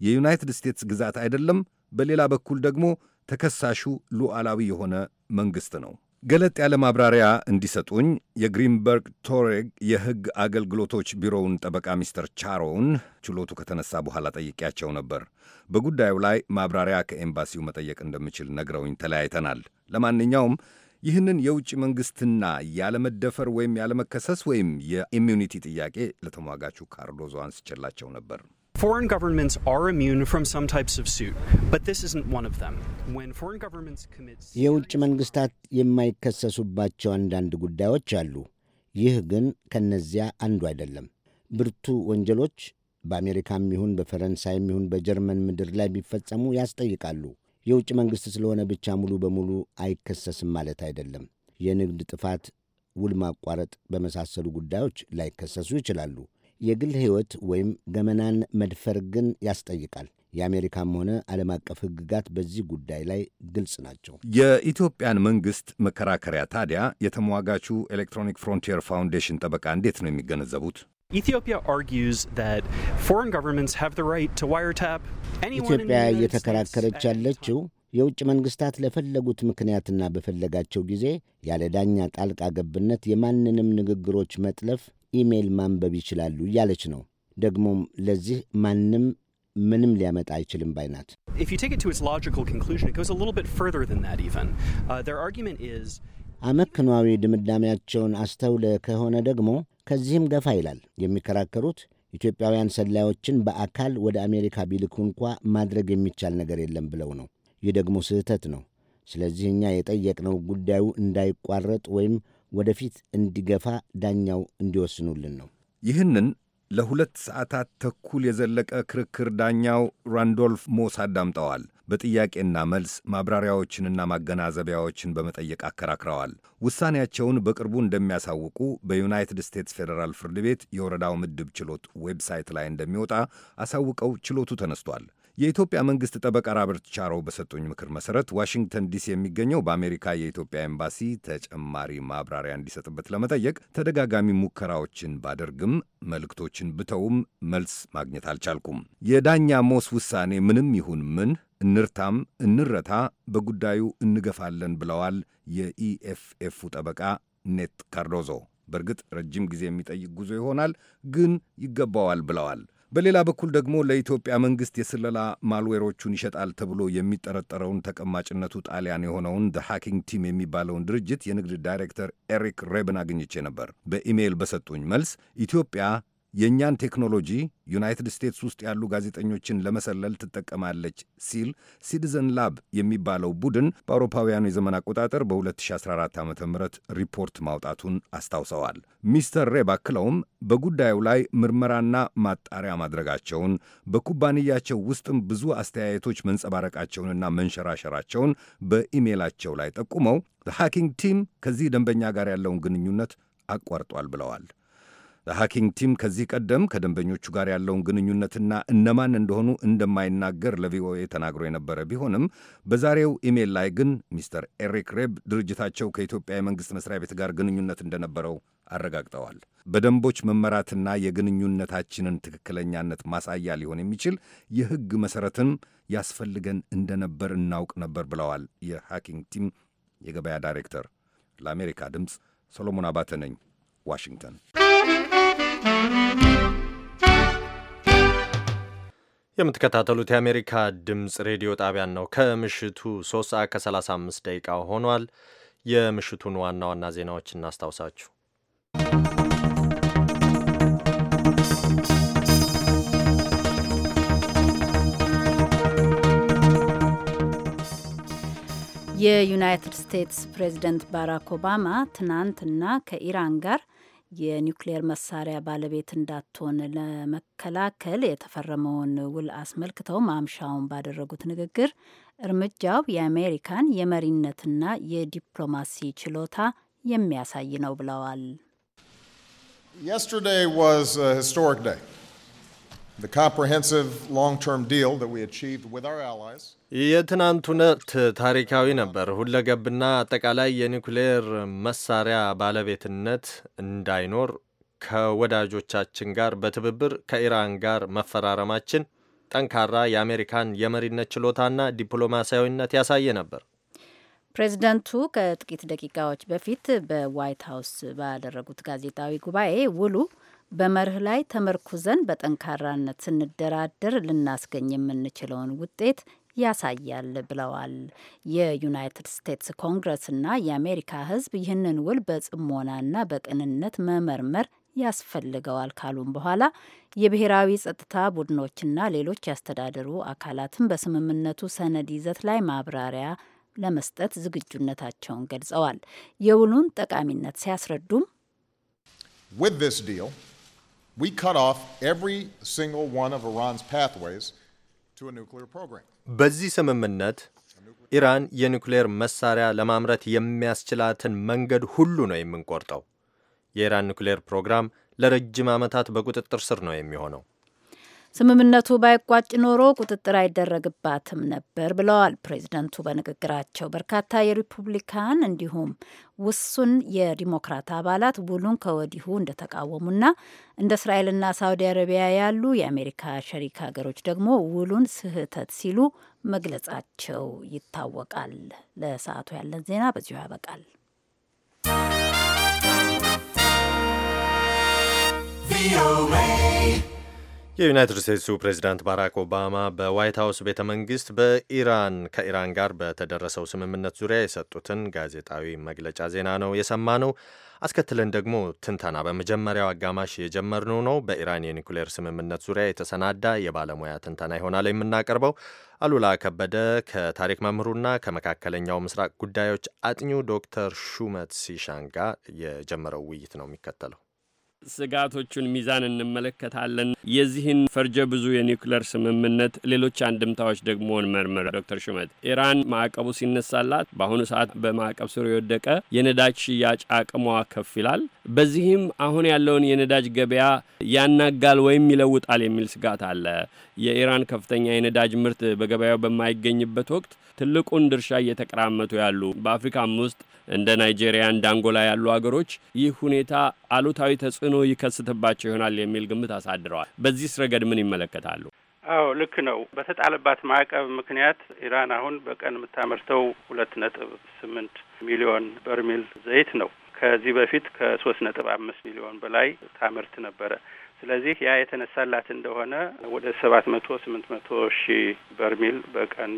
የዩናይትድ ስቴትስ ግዛት አይደለም፣ በሌላ በኩል ደግሞ ተከሳሹ ሉዓላዊ የሆነ መንግሥት ነው። ገለጥ ያለ ማብራሪያ እንዲሰጡኝ የግሪንበርግ ቶሬግ የሕግ አገልግሎቶች ቢሮውን ጠበቃ ሚስተር ቻሮውን ችሎቱ ከተነሳ በኋላ ጠይቄያቸው ነበር። በጉዳዩ ላይ ማብራሪያ ከኤምባሲው መጠየቅ እንደምችል ነግረውኝ ተለያይተናል። ለማንኛውም ይህንን የውጭ መንግሥትና ያለመደፈር ወይም ያለመከሰስ ወይም የኢሚዩኒቲ ጥያቄ ለተሟጋቹ ካርዶዞ አንስቼላቸው ነበር። Foreign governments are immune from some types of suit, but this isn't one of them. When foreign governments commit የውጭ መንግስታት የማይከሰሱባቸው አንዳንድ ጉዳዮች አሉ። ይህ ግን ከነዚያ አንዱ አይደለም። ብርቱ ወንጀሎች በአሜሪካም ይሁን በፈረንሳይም ይሁን በጀርመን ምድር ላይ ቢፈጸሙ ያስጠይቃሉ። የውጭ መንግሥት ስለሆነ ብቻ ሙሉ በሙሉ አይከሰስም ማለት አይደለም። የንግድ ጥፋት፣ ውል ማቋረጥ በመሳሰሉ ጉዳዮች ላይከሰሱ ይችላሉ። የግል ሕይወት ወይም ገመናን መድፈር ግን ያስጠይቃል። የአሜሪካም ሆነ ዓለም አቀፍ ሕግጋት በዚህ ጉዳይ ላይ ግልጽ ናቸው። የኢትዮጵያን መንግሥት መከራከሪያ ታዲያ የተሟጋቹ ኤሌክትሮኒክ ፍሮንቲር ፋውንዴሽን ጠበቃ እንዴት ነው የሚገነዘቡት? ኢትዮጵያ እየተከራከረች ያለችው የውጭ መንግሥታት ለፈለጉት ምክንያትና በፈለጋቸው ጊዜ ያለ ዳኛ ጣልቃ ገብነት የማንንም ንግግሮች መጥለፍ ኢሜይል ማንበብ ይችላሉ እያለች ነው። ደግሞም ለዚህ ማንም ምንም ሊያመጣ አይችልም ባይ uh, አመክኗዊ ድምዳሜያቸውን አስተውለ ከሆነ ደግሞ ከዚህም ገፋ ይላል። የሚከራከሩት ኢትዮጵያውያን ሰላዮችን በአካል ወደ አሜሪካ ቢልኩ እንኳ ማድረግ የሚቻል ነገር የለም ብለው ነው። ይህ ደግሞ ስህተት ነው። ስለዚህ እኛ የጠየቅነው ጉዳዩ እንዳይቋረጥ ወይም ወደፊት እንዲገፋ ዳኛው እንዲወስኑልን ነው። ይህንን ለሁለት ሰዓታት ተኩል የዘለቀ ክርክር ዳኛው ራንዶልፍ ሞስ አዳምጠዋል። በጥያቄና መልስ ማብራሪያዎችንና ማገናዘቢያዎችን በመጠየቅ አከራክረዋል። ውሳኔያቸውን በቅርቡ እንደሚያሳውቁ በዩናይትድ ስቴትስ ፌዴራል ፍርድ ቤት የወረዳው ምድብ ችሎት ዌብሳይት ላይ እንደሚወጣ አሳውቀው ችሎቱ ተነስቷል። የኢትዮጵያ መንግሥት ጠበቃ ራበርት ቻሮው በሰጡኝ ምክር መሠረት ዋሽንግተን ዲሲ የሚገኘው በአሜሪካ የኢትዮጵያ ኤምባሲ ተጨማሪ ማብራሪያ እንዲሰጥበት ለመጠየቅ ተደጋጋሚ ሙከራዎችን ባደርግም መልእክቶችን ብተውም መልስ ማግኘት አልቻልኩም። የዳኛ ሞስ ውሳኔ ምንም ይሁን ምን እንርታም እንረታ በጉዳዩ እንገፋለን ብለዋል የኢኤፍኤፉ ጠበቃ ኔት ካርዶዞ። በእርግጥ ረጅም ጊዜ የሚጠይቅ ጉዞ ይሆናል፣ ግን ይገባዋል ብለዋል። በሌላ በኩል ደግሞ ለኢትዮጵያ መንግሥት የስለላ ማልዌሮቹን ይሸጣል ተብሎ የሚጠረጠረውን ተቀማጭነቱ ጣሊያን የሆነውን ደ ሃኪንግ ቲም የሚባለውን ድርጅት የንግድ ዳይሬክተር ኤሪክ ሬብን አግኝቼ ነበር። በኢሜይል በሰጡኝ መልስ ኢትዮጵያ የእኛን ቴክኖሎጂ ዩናይትድ ስቴትስ ውስጥ ያሉ ጋዜጠኞችን ለመሰለል ትጠቀማለች ሲል ሲቲዘን ላብ የሚባለው ቡድን በአውሮፓውያኑ የዘመን አቆጣጠር በ2014 ዓ ም ሪፖርት ማውጣቱን አስታውሰዋል። ሚስተር ሬብ አክለውም በጉዳዩ ላይ ምርመራና ማጣሪያ ማድረጋቸውን በኩባንያቸው ውስጥም ብዙ አስተያየቶች መንጸባረቃቸውንና መንሸራሸራቸውን በኢሜይላቸው ላይ ጠቁመው ሃኪንግ ቲም ከዚህ ደንበኛ ጋር ያለውን ግንኙነት አቋርጧል ብለዋል። ሃኪንግ ቲም ከዚህ ቀደም ከደንበኞቹ ጋር ያለውን ግንኙነትና እነማን እንደሆኑ እንደማይናገር ለቪኦኤ ተናግሮ የነበረ ቢሆንም በዛሬው ኢሜል ላይ ግን ሚስተር ኤሪክ ሬብ ድርጅታቸው ከኢትዮጵያ የመንግሥት መስሪያ ቤት ጋር ግንኙነት እንደነበረው አረጋግጠዋል። በደንቦች መመራትና የግንኙነታችንን ትክክለኛነት ማሳያ ሊሆን የሚችል የሕግ መሠረትም ያስፈልገን እንደነበር እናውቅ ነበር ብለዋል የሃኪንግ ቲም የገበያ ዳይሬክተር። ለአሜሪካ ድምፅ ሰሎሞን አባተ ነኝ ዋሽንግተን። የምትከታተሉት የአሜሪካ ድምፅ ሬዲዮ ጣቢያን ነው። ከምሽቱ 3 ሰዓት ከ35 ደቂቃ ሆኗል። የምሽቱን ዋና ዋና ዜናዎች እናስታውሳችሁ። የዩናይትድ ስቴትስ ፕሬዝደንት ባራክ ኦባማ ትናንትና ከኢራን ጋር የኒውክሌር መሳሪያ ባለቤት እንዳትሆን ለመከላከል የተፈረመውን ውል አስመልክተው ማምሻውን ባደረጉት ንግግር እርምጃው የአሜሪካን የመሪነትና የዲፕሎማሲ ችሎታ የሚያሳይ ነው ብለዋል። Yesterday was a historic day. የትናንቱ ዕለት ታሪካዊ ነበር። ሁለገብና አጠቃላይ የኒውክሌር መሳሪያ ባለቤትነት እንዳይኖር ከወዳጆቻችን ጋር በትብብር ከኢራን ጋር መፈራረማችን ጠንካራ የአሜሪካን የመሪነት ችሎታና ዲፕሎማሲያዊነት ያሳየ ነበር። ፕሬዚደንቱ ከጥቂት ደቂቃዎች በፊት በዋይት ሀውስ ባደረጉት ጋዜጣዊ ጉባኤ ውሉ በመርህ ላይ ተመርኩዘን በጠንካራነት ስንደራደር ልናስገኝ የምንችለውን ውጤት ያሳያል ብለዋል። የዩናይትድ ስቴትስ ኮንግረስና የአሜሪካ ሕዝብ ይህንን ውል በጽሞናና በቅንነት መመርመር ያስፈልገዋል ካሉም በኋላ የብሔራዊ ጸጥታ ቡድኖችና ሌሎች ያስተዳደሩ አካላትን በስምምነቱ ሰነድ ይዘት ላይ ማብራሪያ ለመስጠት ዝግጁነታቸውን ገልጸዋል። የውሉን ጠቃሚነት ሲያስረዱም we cut off every single one of Iran's pathways to a nuclear program. በዚህ ስምምነት ኢራን የኒውክሌር መሳሪያ ለማምረት የሚያስችላትን መንገድ ሁሉ ነው የምንቆርጠው። የኢራን ኒውክሌር ፕሮግራም ለረጅም ዓመታት በቁጥጥር ስር ነው የሚሆነው። ስምምነቱ ባይቋጭ ኖሮ ቁጥጥር አይደረግባትም ነበር ብለዋል ፕሬዚደንቱ በንግግራቸው። በርካታ የሪፑብሊካን እንዲሁም ውሱን የዲሞክራት አባላት ውሉን ከወዲሁ እንደተቃወሙና እንደ እስራኤልና ሳውዲ አረቢያ ያሉ የአሜሪካ ሸሪክ ሀገሮች ደግሞ ውሉን ስህተት ሲሉ መግለጻቸው ይታወቃል። ለሰዓቱ ያለን ዜና በዚሁ ያበቃል። ቪኦኤ የዩናይትድ ስቴትሱ ፕሬዚዳንት ባራክ ኦባማ በዋይት ሀውስ ቤተ መንግስት በኢራን ከኢራን ጋር በተደረሰው ስምምነት ዙሪያ የሰጡትን ጋዜጣዊ መግለጫ ዜና ነው የሰማ ነው። አስከትለን ደግሞ ትንተና በመጀመሪያው አጋማሽ የጀመርነው ነው። በኢራን የኒኩሌር ስምምነት ዙሪያ የተሰናዳ የባለሙያ ትንተና ይሆናል የምናቀርበው። አሉላ ከበደ ከታሪክ መምህሩና ከመካከለኛው ምስራቅ ጉዳዮች አጥኚው ዶክተር ሹመት ሲሻን ጋር የጀመረው ውይይት ነው የሚከተለው። ስጋቶቹን ሚዛን እንመለከታለን። የዚህን ፈርጀ ብዙ የኒውክለር ስምምነት ሌሎች አንድምታዎች ደግሞ እንመርምር። ዶክተር ሹመት ኢራን ማዕቀቡ ሲነሳላት በአሁኑ ሰዓት በማዕቀብ ስር የወደቀ የነዳጅ ሽያጭ አቅሟ ከፍ ይላል። በዚህም አሁን ያለውን የነዳጅ ገበያ ያናጋል ወይም ይለውጣል የሚል ስጋት አለ። የኢራን ከፍተኛ የነዳጅ ምርት በገበያው በማይገኝበት ወቅት ትልቁን ድርሻ እየተቀራመቱ ያሉ በአፍሪካም ውስጥ እንደ ናይጄሪያ፣ እንደ አንጎላ ያሉ አገሮች ይህ ሁኔታ አሉታዊ ተጽዕኖ ይከስትባቸው ይሆናል የሚል ግምት አሳድረዋል። በዚህ ረገድ ምን ይመለከታሉ? አዎ ልክ ነው። በተጣለባት ማዕቀብ ምክንያት ኢራን አሁን በቀን የምታመርተው ሁለት ነጥብ ስምንት ሚሊዮን በርሜል ዘይት ነው። ከዚህ በፊት ከሶስት ነጥብ አምስት ሚሊዮን በላይ ታምርት ነበረ። ስለዚህ ያ የተነሳላት እንደሆነ ወደ ሰባት መቶ ስምንት መቶ ሺህ በርሜል በቀን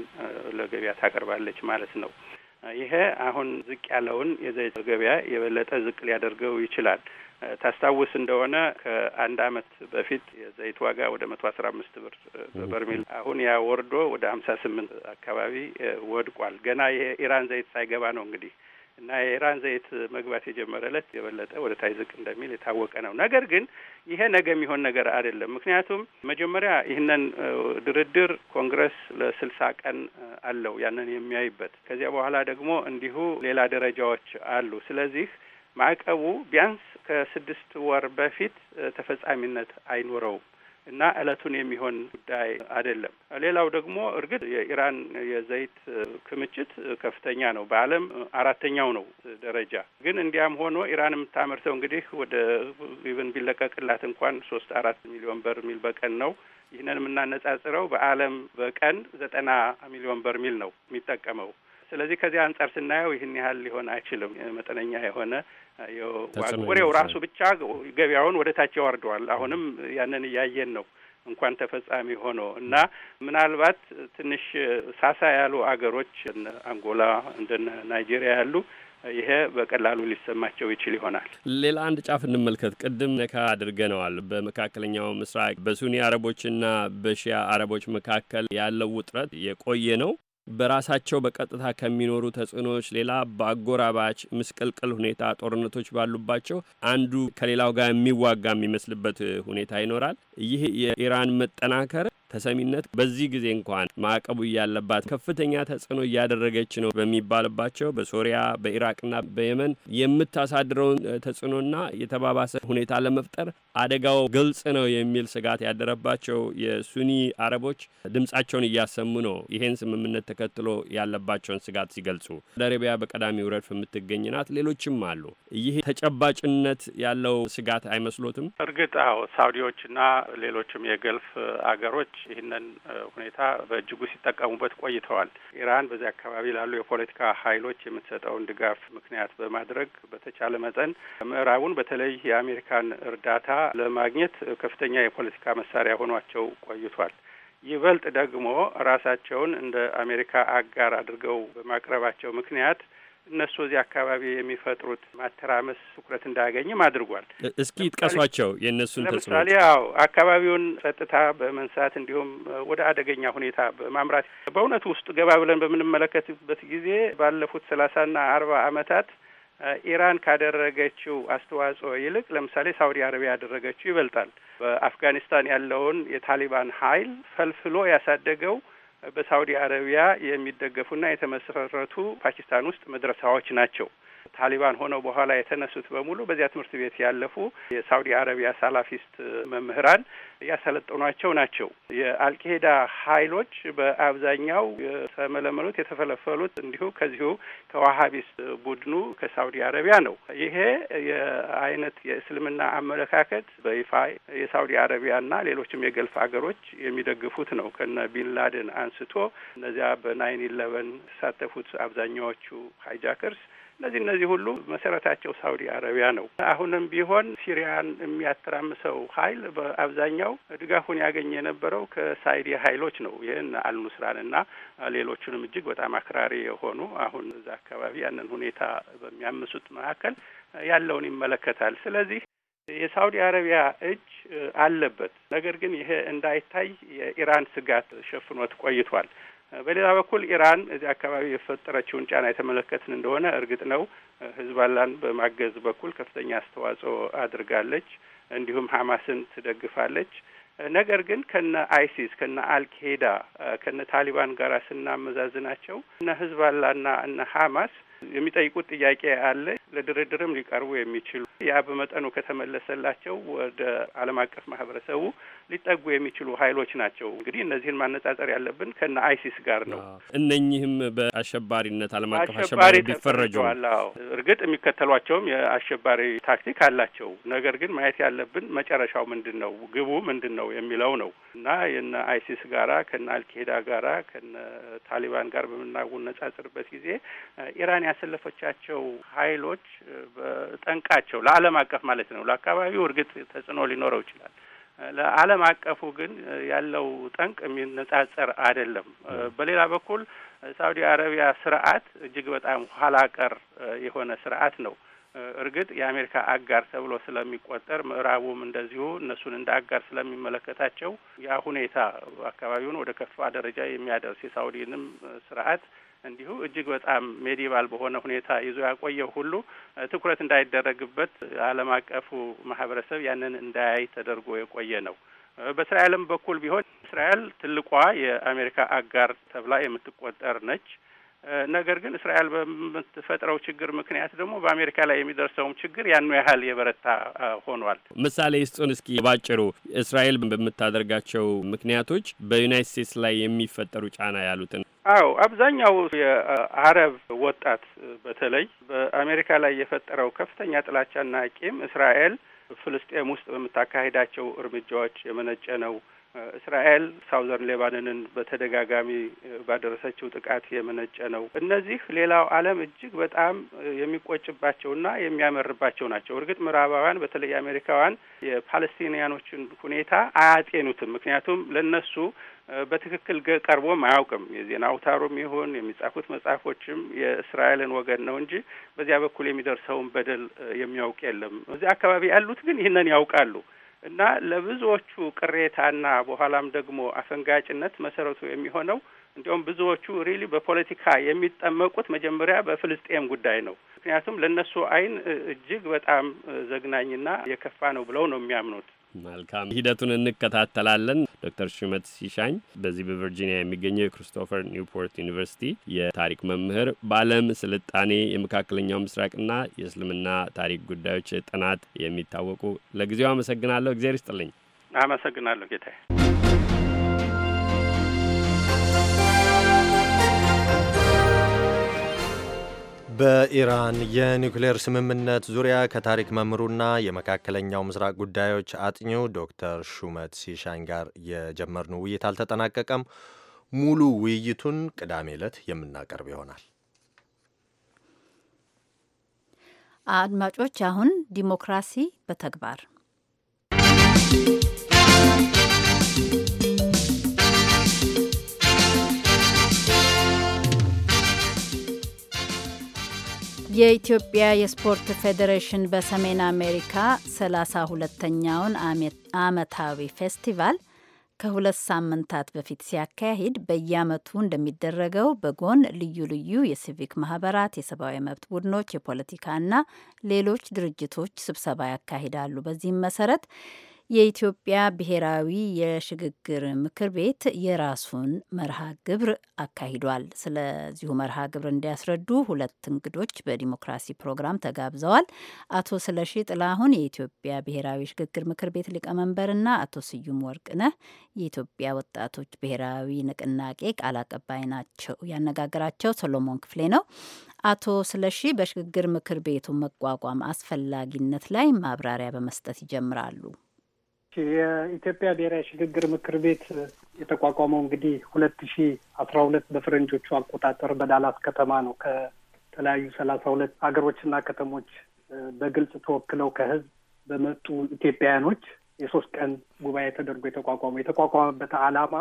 ለገበያ ታቀርባለች ማለት ነው። ይሄ አሁን ዝቅ ያለውን የዘይት ገበያ የበለጠ ዝቅ ሊያደርገው ይችላል። ታስታውስ እንደሆነ ከአንድ አመት በፊት የዘይት ዋጋ ወደ መቶ አስራ አምስት ብር በበርሜል አሁን ያ ወርዶ ወደ ሀምሳ ስምንት አካባቢ ወድቋል። ገና ይሄ ኢራን ዘይት ሳይገባ ነው እንግዲህ እና የኢራን ዘይት መግባት የጀመረ ዕለት የበለጠ ወደ ታች ዝቅ እንደሚል የታወቀ ነው። ነገር ግን ይሄ ነገ የሚሆን ነገር አይደለም። ምክንያቱም መጀመሪያ ይህንን ድርድር ኮንግረስ ለስልሳ ቀን አለው ያንን የሚያይበት። ከዚያ በኋላ ደግሞ እንዲሁ ሌላ ደረጃዎች አሉ። ስለዚህ ማዕቀቡ ቢያንስ ከስድስት ወር በፊት ተፈጻሚነት አይኖረውም። እና እለቱን የሚሆን ጉዳይ አይደለም። ሌላው ደግሞ እርግጥ የኢራን የዘይት ክምችት ከፍተኛ ነው። በዓለም አራተኛው ነው ደረጃ። ግን እንዲያም ሆኖ ኢራን የምታመርተው እንግዲህ ወደ ኢቨን ቢለቀቅላት እንኳን ሶስት አራት ሚሊዮን ሚል በቀን ነው። ይህንን የምናነጻጽረው በዓለም በቀን ዘጠና ሚሊዮን በር ሚል ነው የሚጠቀመው። ስለዚህ ከዚህ አንጻር ስናየው ይህን ያህል ሊሆን አይችልም። መጠነኛ የሆነ ወሬው ራሱ ብቻ ገበያውን ወደ ታች ያወርደዋል። አሁንም ያንን እያየን ነው እንኳን ተፈጻሚ ሆኖ እና ምናልባት ትንሽ ሳሳ ያሉ አገሮች እነ አንጎላ እንደ ናይጄሪያ ያሉ ይሄ በቀላሉ ሊሰማቸው ይችል ይሆናል። ሌላ አንድ ጫፍ እንመልከት። ቅድም ነካ አድርገነዋል። በመካከለኛው ምስራቅ በሱኒ አረቦችና በሺያ አረቦች መካከል ያለው ውጥረት የቆየ ነው። በራሳቸው በቀጥታ ከሚኖሩ ተጽዕኖዎች ሌላ በአጎራባች ምስቅልቅል ሁኔታ ጦርነቶች ባሉባቸው አንዱ ከሌላው ጋር የሚዋጋ የሚመስልበት ሁኔታ ይኖራል። ይህ የኢራን መጠናከር ተሰሚነት በዚህ ጊዜ እንኳን ማዕቀቡ እያለባት ከፍተኛ ተጽዕኖ እያደረገች ነው በሚባልባቸው በሶሪያ በኢራቅና በየመን የምታሳድረውን ተጽዕኖና የተባባሰ ሁኔታ ለመፍጠር አደጋው ግልጽ ነው የሚል ስጋት ያደረባቸው የሱኒ አረቦች ድምጻቸውን እያሰሙ ነው። ይሄን ስምምነት ተከትሎ ያለባቸውን ስጋት ሲገልጹ አረቢያ በቀዳሚው ረድፍ የምትገኝ ናት። ሌሎችም አሉ። ይህ ተጨባጭነት ያለው ስጋት አይመስሎትም? እርግጥ አዎ፣ ሳውዲዎችና ሌሎችም የገልፍ አገሮች ይህንን ሁኔታ በእጅጉ ሲጠቀሙበት ቆይተዋል። ኢራን በዚህ አካባቢ ላሉ የፖለቲካ ኃይሎች የምትሰጠውን ድጋፍ ምክንያት በማድረግ በተቻለ መጠን ምዕራቡን በተለይ የአሜሪካን እርዳታ ለማግኘት ከፍተኛ የፖለቲካ መሳሪያ ሆኗቸው ቆይቷል። ይበልጥ ደግሞ ራሳቸውን እንደ አሜሪካ አጋር አድርገው በማቅረባቸው ምክንያት እነሱ እዚህ አካባቢ የሚፈጥሩት ማተራመስ ትኩረት እንዳያገኝም አድርጓል። እስኪ ጥቀሷቸው የእነሱን ለምሳሌ ያው አካባቢውን ጸጥታ በመንሳት እንዲሁም ወደ አደገኛ ሁኔታ በማምራት በእውነቱ ውስጥ ገባ ብለን በምንመለከትበት ጊዜ ባለፉት ሰላሳና አርባ አመታት ኢራን ካደረገችው አስተዋጽኦ ይልቅ ለምሳሌ ሳውዲ አረቢያ ያደረገችው ይበልጣል። በአፍጋኒስታን ያለውን የታሊባን ኃይል ፈልፍሎ ያሳደገው በሳውዲ አረቢያ የሚደገፉና የተመሰረቱ ፓኪስታን ውስጥ መድረሳዎች ናቸው። ታሊባን ሆነው በኋላ የተነሱት በሙሉ በዚያ ትምህርት ቤት ያለፉ የሳውዲ አረቢያ ሳላፊስት መምህራን ያሰለጠኗቸው ናቸው። የአልቃይዳ ሀይሎች በአብዛኛው የተመለመሉት የተፈለፈሉት እንዲሁ ከዚሁ ከዋሀቢስ ቡድኑ ከሳውዲ አረቢያ ነው። ይሄ የአይነት የእስልምና አመለካከት በይፋ የሳውዲ አረቢያና ሌሎችም የገልፍ ሀገሮች የሚደግፉት ነው። ከነ ቢንላደን አንስቶ እነዚያ በናይን ኢለቨን የተሳተፉት አብዛኛዎቹ ሃይጃከርስ እነዚህ እነዚህ ሁሉ መሰረታቸው ሳውዲ አረቢያ ነው። አሁንም ቢሆን ሲሪያን የሚያተራምሰው ሀይል በአብዛኛው ድጋፉን ያገኘ የነበረው ከሳይዲ ሀይሎች ነው። ይህን አልኑስራንና ሌሎቹንም እጅግ በጣም አክራሪ የሆኑ አሁን እዛ አካባቢ ያንን ሁኔታ በሚያምሱት መካከል ያለውን ይመለከታል። ስለዚህ የሳውዲ አረቢያ እጅ አለበት። ነገር ግን ይሄ እንዳይታይ የኢራን ስጋት ሸፍኖት ቆይቷል። በሌላ በኩል ኢራን እዚህ አካባቢ የፈጠረችውን ጫና የተመለከትን እንደሆነ እርግጥ ነው ህዝባላን በማገዝ በኩል ከፍተኛ አስተዋጽኦ አድርጋለች። እንዲሁም ሀማስን ትደግፋለች። ነገር ግን ከነ አይሲስ ከነ አልካይዳ ከነ ታሊባን ጋር ስናመዛዝናቸው እነ ህዝባላና እነ ሀማስ የሚጠይቁት ጥያቄ አለ። ለድርድርም ሊቀርቡ የሚችሉ ያ በመጠኑ ከተመለሰላቸው ወደ ዓለም አቀፍ ማህበረሰቡ ሊጠጉ የሚችሉ ሀይሎች ናቸው። እንግዲህ እነዚህን ማነጻጸር ያለብን ከነ አይሲስ ጋር ነው። እነኚህም በአሸባሪነት ዓለም አቀፍ አሸባሪ ቢፈረጁ እርግጥ የሚከተሏቸውም የአሸባሪ ታክቲክ አላቸው። ነገር ግን ማየት ያለብን መጨረሻው ምንድን ነው፣ ግቡ ምንድን ነው የሚለው ነው እና የነ አይሲስ ጋራ ከነ አልካይዳ ጋራ ከነ ታሊባን ጋር በምናነጻጽርበት ጊዜ ኢራን ያሰለፈቻቸው ሀይሎች ሀገሮች በጠንቃቸው ለዓለም አቀፍ ማለት ነው። ለአካባቢው እርግጥ ተጽዕኖ ሊኖረው ይችላል። ለዓለም አቀፉ ግን ያለው ጠንቅ የሚነጻጸር አይደለም። በሌላ በኩል ሳውዲ አረቢያ ስርዓት እጅግ በጣም ኋላ ቀር የሆነ ስርዓት ነው። እርግጥ የአሜሪካ አጋር ተብሎ ስለሚቆጠር ምዕራቡም እንደዚሁ እነሱን እንደ አጋር ስለሚመለከታቸው ያ ሁኔታ አካባቢውን ወደ ከፋ ደረጃ የሚያደርስ የሳውዲንም ስርዓት እንዲሁ እጅግ በጣም ሜዲቫል በሆነ ሁኔታ ይዞ ያቆየው ሁሉ ትኩረት እንዳይደረግበት ዓለም አቀፉ ማህበረሰብ ያንን እንዳያይ ተደርጎ የቆየ ነው። በእስራኤልም በኩል ቢሆን እስራኤል ትልቋ የአሜሪካ አጋር ተብላ የምትቆጠር ነች። ነገር ግን እስራኤል በምትፈጥረው ችግር ምክንያት ደግሞ በአሜሪካ ላይ የሚደርሰውም ችግር ያኑ ያህል የበረታ ሆኗል። ምሳሌ ስጡን እስኪ ባጭሩ። እስራኤል በምታደርጋቸው ምክንያቶች በዩናይት ስቴትስ ላይ የሚፈጠሩ ጫና ያሉትን አዎ አብዛኛው የአረብ ወጣት በተለይ በአሜሪካ ላይ የፈጠረው ከፍተኛ ጥላቻና ቂም እስራኤል ፍልስጤም ውስጥ በምታካሂዳቸው እርምጃዎች የመነጨ ነው። እስራኤል ሳውዘርን ሌባንንን በተደጋጋሚ ባደረሰችው ጥቃት የመነጨ ነው። እነዚህ ሌላው ዓለም እጅግ በጣም የሚቆጭባቸውና የሚያመርባቸው ናቸው። እርግጥ ምዕራባውያን በተለይ አሜሪካውያን የፓለስቲንያኖችን ሁኔታ አያጤኑትም። ምክንያቱም ለነሱ በትክክል ቀርቦም አያውቅም። የዜና አውታሩም ይሁን የሚጻፉት መጽሐፎችም የእስራኤልን ወገን ነው እንጂ በዚያ በኩል የሚደርሰውን በደል የሚያውቅ የለም። እዚያ አካባቢ ያሉት ግን ይህንን ያውቃሉ እና ለብዙዎቹ ቅሬታና በኋላም ደግሞ አፈንጋጭነት መሰረቱ የሚሆነው እንዲሁም ብዙዎቹ ሪሊ በፖለቲካ የሚጠመቁት መጀመሪያ በፍልስጤም ጉዳይ ነው። ምክንያቱም ለእነሱ አይን እጅግ በጣም ዘግናኝና የከፋ ነው ብለው ነው የሚያምኑት። መልካም ሂደቱን እንከታተላለን። ዶክተር ሹመት ሲሻኝ በዚህ በቨርጂኒያ የሚገኘው የክሪስቶፈር ኒውፖርት ዩኒቨርሲቲ የታሪክ መምህር በዓለም ስልጣኔ የመካከለኛው ምስራቅና የእስልምና ታሪክ ጉዳዮች ጥናት የሚታወቁ ለጊዜው አመሰግናለሁ። እግዜር ይስጥልኝ። አመሰግናለሁ ጌታዬ። በኢራን የኒውክሌር ስምምነት ዙሪያ ከታሪክ መምህሩና የመካከለኛው ምስራቅ ጉዳዮች አጥኚው ዶክተር ሹመት ሲሻኝ ጋር የጀመርነው ውይይት አልተጠናቀቀም። ሙሉ ውይይቱን ቅዳሜ ዕለት የምናቀርብ ይሆናል። አድማጮች፣ አሁን ዲሞክራሲ በተግባር የኢትዮጵያ የስፖርት ፌዴሬሽን በሰሜን አሜሪካ ሰላሳ ሁለተኛውን ዓመታዊ ፌስቲቫል ከሁለት ሳምንታት በፊት ሲያካሂድ በየዓመቱ እንደሚደረገው በጎን ልዩ ልዩ የሲቪክ ማህበራት፣ የሰብአዊ መብት ቡድኖች፣ የፖለቲካና ሌሎች ድርጅቶች ስብሰባ ያካሂዳሉ። በዚህም መሰረት የኢትዮጵያ ብሔራዊ የሽግግር ምክር ቤት የራሱን መርሃ ግብር አካሂዷል። ስለዚሁ መርሃ ግብር እንዲያስረዱ ሁለት እንግዶች በዲሞክራሲ ፕሮግራም ተጋብዘዋል። አቶ ስለሺ ጥላሁን የኢትዮጵያ ብሔራዊ የሽግግር ምክር ቤት ሊቀመንበርና አቶ ስዩም ወርቅነህ የኢትዮጵያ ወጣቶች ብሔራዊ ንቅናቄ ቃል አቀባይ ናቸው። ያነጋገራቸው ሰሎሞን ክፍሌ ነው። አቶ ስለሺ በሽግግር ምክር ቤቱ መቋቋም አስፈላጊነት ላይ ማብራሪያ በመስጠት ይጀምራሉ። የኢትዮጵያ ብሔራዊ ሽግግር ምክር ቤት የተቋቋመው እንግዲህ ሁለት ሺ አስራ ሁለት በፈረንጆቹ አቆጣጠር በዳላስ ከተማ ነው። ከተለያዩ ሰላሳ ሁለት ሀገሮችና ከተሞች በግልጽ ተወክለው ከህዝብ በመጡ ኢትዮጵያውያኖች የሶስት ቀን ጉባኤ ተደርጎ የተቋቋመው የተቋቋመበት ዓላማ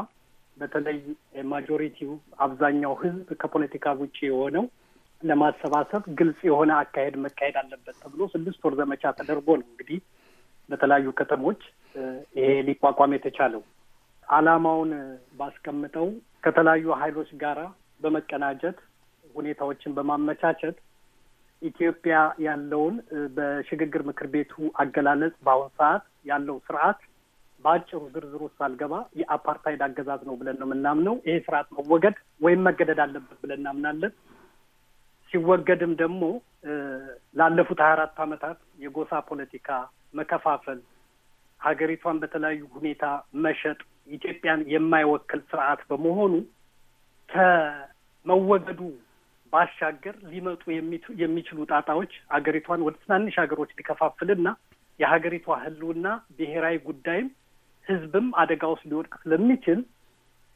በተለይ የማጆሪቲው አብዛኛው ህዝብ ከፖለቲካ ውጭ የሆነው ለማሰባሰብ ግልጽ የሆነ አካሄድ መካሄድ አለበት ተብሎ ስድስት ወር ዘመቻ ተደርጎ ነው እንግዲህ በተለያዩ ከተሞች ይሄ ሊቋቋም የተቻለው አላማውን ባስቀምጠው ከተለያዩ ኃይሎች ጋራ በመቀናጀት ሁኔታዎችን በማመቻቸት ኢትዮጵያ ያለውን በሽግግር ምክር ቤቱ አገላለጽ በአሁን ሰዓት ያለው ስርዓት በአጭሩ ዝርዝሩ ሳልገባ የአፓርታይድ አገዛዝ ነው ብለን ነው የምናምነው። ይሄ ስርዓት መወገድ ወይም መገደድ አለበት ብለን እናምናለን። ሲወገድም ደግሞ ላለፉት ሀያ አራት አመታት የጎሳ ፖለቲካ መከፋፈል፣ ሀገሪቷን በተለያዩ ሁኔታ መሸጥ ኢትዮጵያን የማይወክል ስርዓት በመሆኑ ከመወገዱ ባሻገር ሊመጡ የሚችሉ ጣጣዎች ሀገሪቷን ወደ ትናንሽ ሀገሮች ሊከፋፍልና የሀገሪቷ ህልውና ብሔራዊ ጉዳይም ህዝብም አደጋ ውስጥ ሊወድቅ ስለሚችል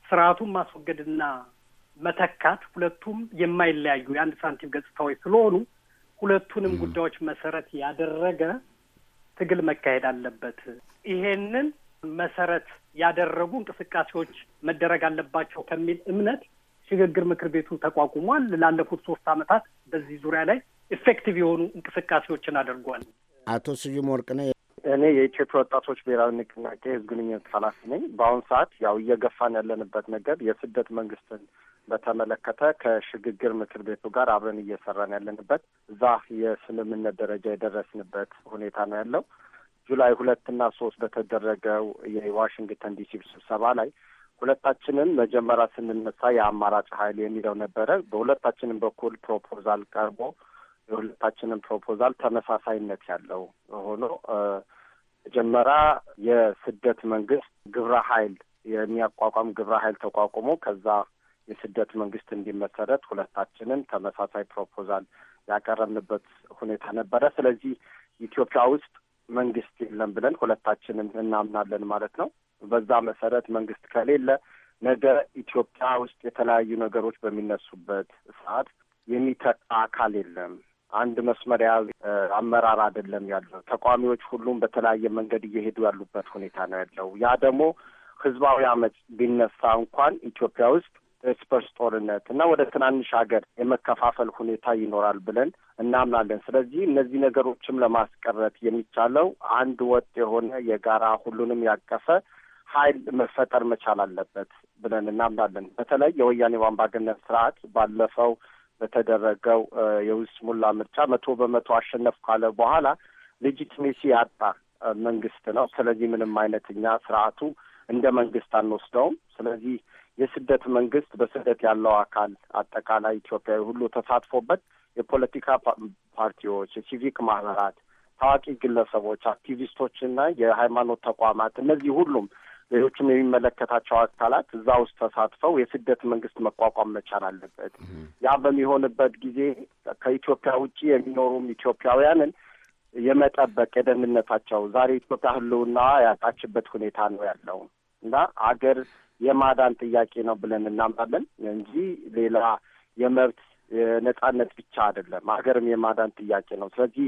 ስርዓቱን ማስወገድና መተካት ሁለቱም የማይለያዩ የአንድ ሳንቲም ገጽታዎች ስለሆኑ ሁለቱንም ጉዳዮች መሰረት ያደረገ ትግል መካሄድ አለበት። ይሄንን መሰረት ያደረጉ እንቅስቃሴዎች መደረግ አለባቸው ከሚል እምነት ሽግግር ምክር ቤቱ ተቋቁሟል። ላለፉት ሶስት ዓመታት በዚህ ዙሪያ ላይ ኢፌክቲቭ የሆኑ እንቅስቃሴዎችን አድርጓል። አቶ ስዩም ወርቅነህ እኔ የኢትዮጵያ ወጣቶች ብሔራዊ ንቅናቄ ህዝብ ግንኙነት ኃላፊ ነኝ። በአሁኑ ሰዓት ያው እየገፋን ያለንበት ነገር የስደት መንግስትን በተመለከተ ከሽግግር ምክር ቤቱ ጋር አብረን እየሰራን ያለንበት እዛ የስምምነት ደረጃ የደረስንበት ሁኔታ ነው ያለው። ጁላይ ሁለትና ሶስት በተደረገው የዋሽንግተን ዲሲ ስብሰባ ላይ ሁለታችንም መጀመሪያ ስንነሳ የአማራጭ ኃይል የሚለው ነበረ። በሁለታችንም በኩል ፕሮፖዛል ቀርቦ የሁለታችንም ፕሮፖዛል ተመሳሳይነት ያለው ሆኖ መጀመሪያ የስደት መንግስት ግብረ ኃይል የሚያቋቋም ግብረ ኃይል ተቋቁሞ ከዛ የስደት መንግስት እንዲመሰረት ሁለታችንም ተመሳሳይ ፕሮፖዛል ያቀረብንበት ሁኔታ ነበረ። ስለዚህ ኢትዮጵያ ውስጥ መንግስት የለም ብለን ሁለታችንም እናምናለን ማለት ነው። በዛ መሰረት መንግስት ከሌለ ነገ ኢትዮጵያ ውስጥ የተለያዩ ነገሮች በሚነሱበት ሰዓት የሚተካ አካል የለም። አንድ መስመር የያዘ አመራር አይደለም ያለው። ተቋሚዎች ሁሉም በተለያየ መንገድ እየሄዱ ያሉበት ሁኔታ ነው ያለው። ያ ደግሞ ህዝባዊ አመፅ ቢነሳ እንኳን ኢትዮጵያ ውስጥ እርስ በርስ ጦርነት እና ወደ ትናንሽ ሀገር የመከፋፈል ሁኔታ ይኖራል ብለን እናምናለን። ስለዚህ እነዚህ ነገሮችም ለማስቀረት የሚቻለው አንድ ወጥ የሆነ የጋራ ሁሉንም ያቀፈ ኃይል መፈጠር መቻል አለበት ብለን እናምናለን። በተለይ የወያኔ አምባገነን ስርዓት ባለፈው በተደረገው የይስሙላ ምርጫ መቶ በመቶ አሸነፍ ካለ በኋላ ሌጂቲሜሲ ያጣ መንግስት ነው። ስለዚህ ምንም አይነት እኛ ስርዓቱ እንደ መንግስት አንወስደውም። ስለዚህ የስደት መንግስት በስደት ያለው አካል አጠቃላይ ኢትዮጵያዊ ሁሉ ተሳትፎበት የፖለቲካ ፓርቲዎች፣ የሲቪክ ማህበራት፣ ታዋቂ ግለሰቦች፣ አክቲቪስቶችና የሃይማኖት ተቋማት እነዚህ ሁሉም ሌሎችም የሚመለከታቸው አካላት እዛ ውስጥ ተሳትፈው የስደት መንግስት መቋቋም መቻል አለበት። ያ በሚሆንበት ጊዜ ከኢትዮጵያ ውጭ የሚኖሩም ኢትዮጵያውያንን የመጠበቅ የደህንነታቸው ዛሬ ኢትዮጵያ ህልውና ያጣችበት ሁኔታ ነው ያለው። እና አገር የማዳን ጥያቄ ነው ብለን እናምናለን እንጂ ሌላ የመብት የነጻነት ብቻ አይደለም። ሀገርም የማዳን ጥያቄ ነው። ስለዚህ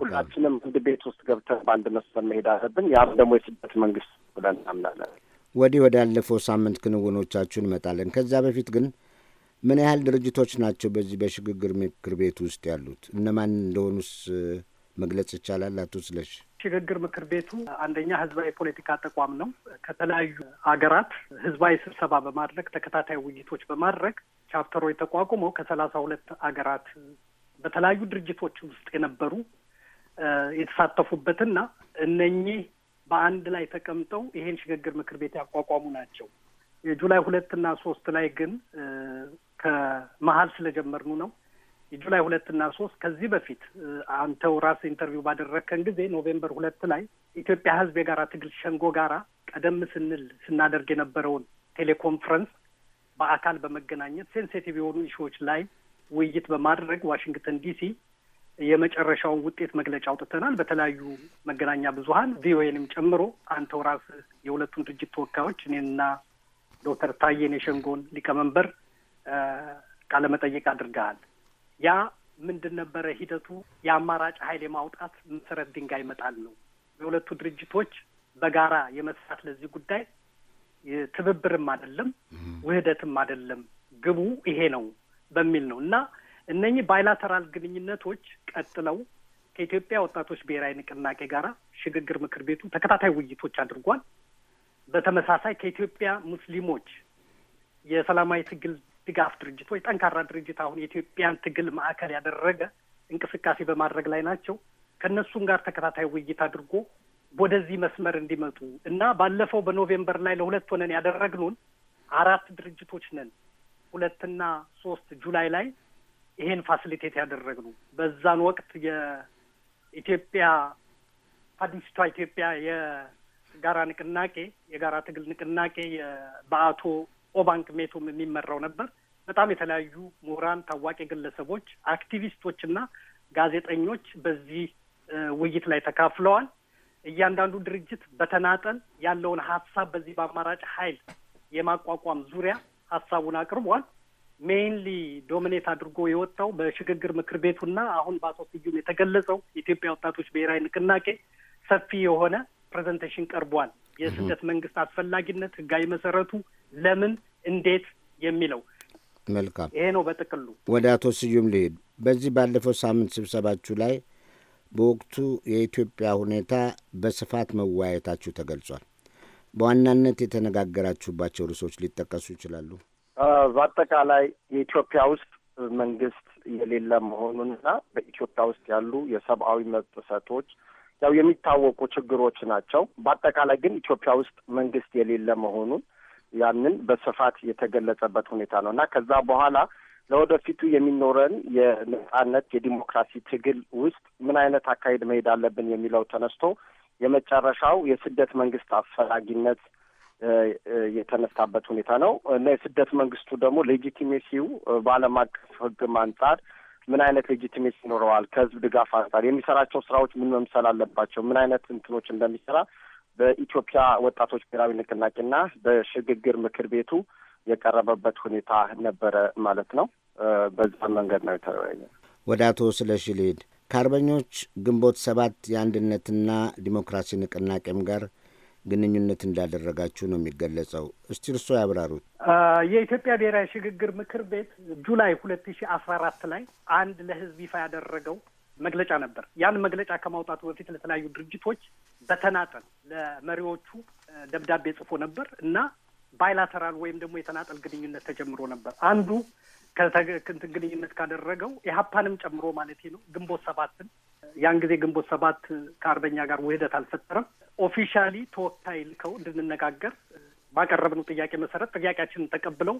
ሁላችንም አንድ ቤት ውስጥ ገብተን በአንድ መስመር መሄድ አለብን። ያም ደግሞ የስደት መንግስት ብለን እናምናለን። ወዲህ ወዳለፈው ሳምንት ክንውኖቻችሁ እንመጣለን። ከዚያ በፊት ግን ምን ያህል ድርጅቶች ናቸው በዚህ በሽግግር ምክር ቤት ውስጥ ያሉት? እነማን እንደሆኑስ መግለጽ ይቻላል? አቶ ስለሽ ሽግግር ምክር ቤቱ አንደኛ ህዝባዊ የፖለቲካ ተቋም ነው። ከተለያዩ አገራት ህዝባዊ ስብሰባ በማድረግ ተከታታይ ውይይቶች በማድረግ ቻፕተሮች ተቋቁመው ከሰላሳ ሁለት አገራት በተለያዩ ድርጅቶች ውስጥ የነበሩ የተሳተፉበትና እነኚህ በአንድ ላይ ተቀምጠው ይሄን ሽግግር ምክር ቤት ያቋቋሙ ናቸው። የጁላይ ሁለትና ሶስት ላይ ግን ከመሀል ስለጀመርኑ ነው የጁላይ ሁለትና ሶስት ከዚህ በፊት አንተው ራስ ኢንተርቪው ባደረግከን ጊዜ ኖቬምበር ሁለት ላይ ኢትዮጵያ ህዝብ የጋራ ትግል ሸንጎ ጋራ ቀደም ስንል ስናደርግ የነበረውን ቴሌኮንፈረንስ በአካል በመገናኘት ሴንሴቲቭ የሆኑ ኢሹዎች ላይ ውይይት በማድረግ ዋሽንግተን ዲሲ የመጨረሻውን ውጤት መግለጫ አውጥተናል። በተለያዩ መገናኛ ብዙኃን ቪኦኤንም ጨምሮ አንተው ራስ የሁለቱን ድርጅት ተወካዮች እኔና ዶክተር ታዬን የሸንጎን ሊቀመንበር ቃለመጠየቅ አድርገሃል። ያ ምንድን ነበረ ሂደቱ? የአማራጭ ኃይል የማውጣት መሰረት ድንጋይ መጣል ነው። የሁለቱ ድርጅቶች በጋራ የመስራት ለዚህ ጉዳይ ትብብርም አይደለም ውህደትም አይደለም ግቡ ይሄ ነው በሚል ነው እና እነኚህ ባይላተራል ግንኙነቶች ቀጥለው ከኢትዮጵያ ወጣቶች ብሔራዊ ንቅናቄ ጋራ ሽግግር ምክር ቤቱ ተከታታይ ውይይቶች አድርጓል። በተመሳሳይ ከኢትዮጵያ ሙስሊሞች የሰላማዊ ትግል ድጋፍ ድርጅት ወይ ጠንካራ ድርጅት አሁን የኢትዮጵያን ትግል ማዕከል ያደረገ እንቅስቃሴ በማድረግ ላይ ናቸው። ከእነሱም ጋር ተከታታይ ውይይት አድርጎ ወደዚህ መስመር እንዲመጡ እና ባለፈው በኖቬምበር ላይ ለሁለት ሆነን ያደረግኑን አራት ድርጅቶች ነን ሁለትና ሶስት ጁላይ ላይ ይሄን ፋሲሊቴት ያደረግኑ በዛን ወቅት የኢትዮጵያ አዲስቷ ኢትዮጵያ የጋራ ንቅናቄ የጋራ ትግል ንቅናቄ በአቶ ኦባንክ ሜቶም የሚመራው ነበር። በጣም የተለያዩ ምሁራን፣ ታዋቂ ግለሰቦች፣ አክቲቪስቶችና ጋዜጠኞች በዚህ ውይይት ላይ ተካፍለዋል። እያንዳንዱ ድርጅት በተናጠል ያለውን ሀሳብ በዚህ በአማራጭ ኃይል የማቋቋም ዙሪያ ሀሳቡን አቅርቧል። ሜይንሊ ዶሚኔት አድርጎ የወጣው በሽግግር ምክር ቤቱና አሁን በአቶ ስዩም የተገለጸው የኢትዮጵያ ወጣቶች ብሔራዊ ንቅናቄ ሰፊ የሆነ ፕሬዘንቴሽን ቀርቧል። የስደት መንግስት አስፈላጊነት፣ ህጋዊ መሰረቱ፣ ለምን፣ እንዴት የሚለው መልካም። ይሄ ነው በጥቅሉ። ወደ አቶ ስዩም ልሄድ። በዚህ ባለፈው ሳምንት ስብሰባችሁ ላይ በወቅቱ የኢትዮጵያ ሁኔታ በስፋት መወያየታችሁ ተገልጿል። በዋናነት የተነጋገራችሁባቸው ርዕሶች ሊጠቀሱ ይችላሉ? በአጠቃላይ የኢትዮጵያ ውስጥ መንግስት የሌለ መሆኑንና በኢትዮጵያ ውስጥ ያሉ የሰብአዊ መብት ጥሰቶች ያው የሚታወቁ ችግሮች ናቸው። በአጠቃላይ ግን ኢትዮጵያ ውስጥ መንግስት የሌለ መሆኑን ያንን በስፋት የተገለጸበት ሁኔታ ነው እና ከዛ በኋላ ለወደፊቱ የሚኖረን የነጻነት የዲሞክራሲ ትግል ውስጥ ምን አይነት አካሄድ መሄድ አለብን የሚለው ተነስቶ የመጨረሻው የስደት መንግስት አስፈላጊነት የተነሳበት ሁኔታ ነው እና የስደት መንግስቱ ደግሞ ሌጂቲሜሲው በዓለም አቀፍ ሕግም አንጻር ምን አይነት ሌጂቲሜሲ ይኖረዋል፣ ከህዝብ ድጋፍ አንጻር የሚሰራቸው ስራዎች ምን መምሰል አለባቸው፣ ምን አይነት እንትኖች እንደሚሰራ በኢትዮጵያ ወጣቶች ብሔራዊ ንቅናቄና በሽግግር ምክር ቤቱ የቀረበበት ሁኔታ ነበረ ማለት ነው። በዛ መንገድ ነው የተወያየ። ወደ አቶ ስለሺ ልሂድ። ከአርበኞች ግንቦት ሰባት የአንድነትና ዲሞክራሲ ንቅናቄም ጋር ግንኙነት እንዳደረጋችሁ ነው የሚገለጸው። እስቲ እርስዎ ያብራሩት። የኢትዮጵያ ብሔራዊ ሽግግር ምክር ቤት ጁላይ ሁለት ሺ አስራ አራት ላይ አንድ ለህዝብ ይፋ ያደረገው መግለጫ ነበር። ያን መግለጫ ከማውጣቱ በፊት ለተለያዩ ድርጅቶች በተናጠል ለመሪዎቹ ደብዳቤ ጽፎ ነበር እና ባይላተራል ወይም ደግሞ የተናጠል ግንኙነት ተጀምሮ ነበር። አንዱ ከእንትን ግንኙነት ካደረገው ኢህአፓንም ጨምሮ ማለት ነው ግንቦት ሰባትን ያን ጊዜ ግንቦት ሰባት ከአርበኛ ጋር ውህደት አልፈጠረም። ኦፊሻሊ ተወካይ ልከው እንድንነጋገር ባቀረብነው ጥያቄ መሰረት ጥያቄያችንን ተቀብለው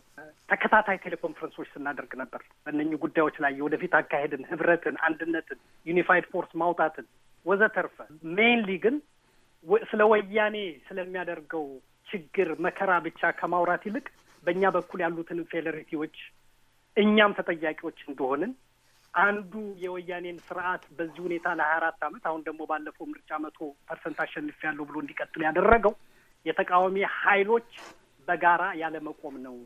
ተከታታይ ቴሌኮንፈረንሶች ስናደርግ ነበር። እነኚህ ጉዳዮች ላይ የወደፊት አካሄድን፣ ህብረትን፣ አንድነትን፣ ዩኒፋይድ ፎርስ ማውጣትን ወዘተርፈ ሜይንሊ ግን ስለ ወያኔ ስለሚያደርገው ችግር መከራ ብቻ ከማውራት ይልቅ በእኛ በኩል ያሉትን ፌዴሬቲዎች እኛም ተጠያቂዎች እንደሆንን አንዱ የወያኔን ስርዓት በዚህ ሁኔታ ለሀያ አራት አመት አሁን ደግሞ ባለፈው ምርጫ መቶ ፐርሰንት አሸንፍ ያለው ብሎ እንዲቀጥል ያደረገው የተቃዋሚ ኃይሎች በጋራ ያለመቆም ነው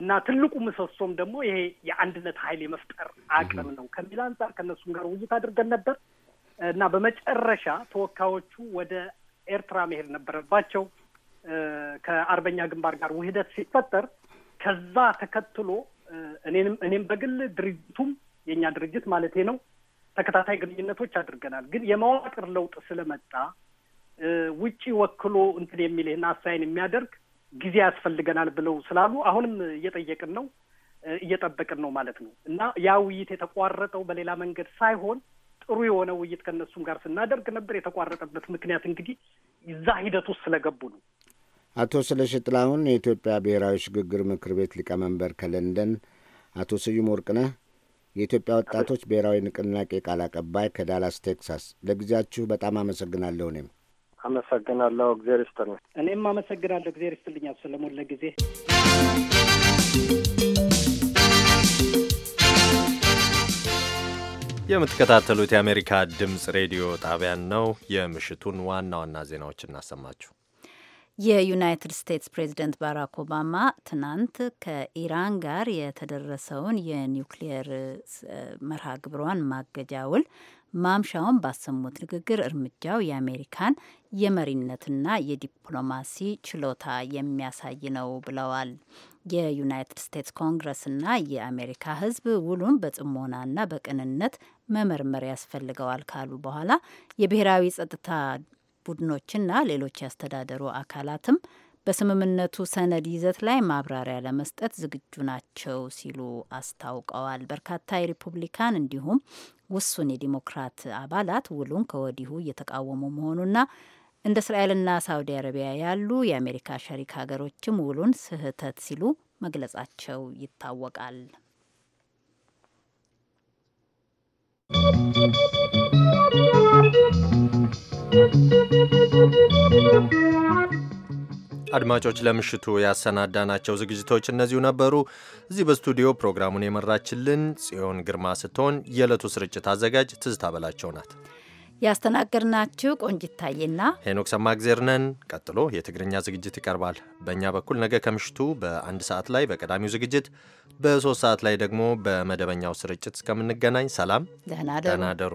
እና ትልቁ ምሰሶም ደግሞ ይሄ የአንድነት ኃይል የመፍጠር አቅም ነው ከሚል አንጻር ከእነሱም ጋር ውይይት አድርገን ነበር እና በመጨረሻ ተወካዮቹ ወደ ኤርትራ መሄድ ነበረባቸው። ከአርበኛ ግንባር ጋር ውህደት ሲፈጠር ከዛ ተከትሎ እኔም በግል ድርጅቱም የእኛ ድርጅት ማለቴ ነው ተከታታይ ግንኙነቶች አድርገናል። ግን የመዋቅር ለውጥ ስለመጣ ውጪ ወክሎ እንትን የሚል ይህን አሳይን የሚያደርግ ጊዜ ያስፈልገናል ብለው ስላሉ አሁንም እየጠየቅን ነው እየጠበቅን ነው ማለት ነው እና ያ ውይይት የተቋረጠው በሌላ መንገድ ሳይሆን ጥሩ የሆነ ውይይት ከእነሱም ጋር ስናደርግ ነበር። የተቋረጠበት ምክንያት እንግዲህ እዛ ሂደት ውስጥ ስለገቡ ነው። አቶ ስለሺ ጥላሁን የኢትዮጵያ ብሔራዊ ሽግግር ምክር ቤት ሊቀመንበር ከለንደን፣ አቶ ስዩም ወርቅነህ የኢትዮጵያ ወጣቶች ብሔራዊ ንቅናቄ ቃል አቀባይ ከዳላስ ቴክሳስ፣ ለጊዜያችሁ በጣም አመሰግናለሁ እኔም አመሰግናለሁ። እግዜር ይስጥልኝ። እኔም አመሰግናለሁ። እግዜር ይስጥልኝ አቶ ሰለሞን ለጊዜ የምትከታተሉት የአሜሪካ ድምፅ ሬዲዮ ጣቢያን ነው። የምሽቱን ዋና ዋና ዜናዎች እናሰማችሁ። የዩናይትድ ስቴትስ ፕሬዚደንት ባራክ ኦባማ ትናንት ከኢራን ጋር የተደረሰውን የኒውክሊየር መርሃ ግብሯን ማገጃ ውል ማምሻውን ባሰሙት ንግግር እርምጃው የአሜሪካን የመሪነትና የዲፕሎማሲ ችሎታ የሚያሳይ ነው ብለዋል። የዩናይትድ ስቴትስ ኮንግረስና የአሜሪካ ሕዝብ ውሉን በጽሞናና በቅንነት መመርመር ያስፈልገዋል ካሉ በኋላ የብሔራዊ ጸጥታ ቡድኖችና ሌሎች ያስተዳደሩ አካላትም በስምምነቱ ሰነድ ይዘት ላይ ማብራሪያ ለመስጠት ዝግጁ ናቸው ሲሉ አስታውቀዋል። በርካታ የሪፑብሊካን እንዲሁም ውሱን የዲሞክራት አባላት ውሉን ከወዲሁ እየተቃወሙ መሆኑና እንደ እስራኤልና ሳውዲ አረቢያ ያሉ የአሜሪካ ሸሪክ ሀገሮችም ውሉን ስህተት ሲሉ መግለጻቸው ይታወቃል። ¶¶ አድማጮች ለምሽቱ ያሰናዳናቸው ዝግጅቶች እነዚሁ ነበሩ። እዚህ በስቱዲዮ ፕሮግራሙን የመራችልን ጽዮን ግርማ ስትሆን የዕለቱ ስርጭት አዘጋጅ ትዝታ በላቸው ናት። ያስተናገድናችሁ ቆንጂት ታዬና ሄኖክ ሰማእግዜር ነን። ቀጥሎ የትግርኛ ዝግጅት ይቀርባል። በእኛ በኩል ነገ ከምሽቱ በአንድ ሰዓት ላይ በቀዳሚው ዝግጅት፣ በሶስት ሰዓት ላይ ደግሞ በመደበኛው ስርጭት እስከምንገናኝ ሰላም፣ ደህና ደሩ።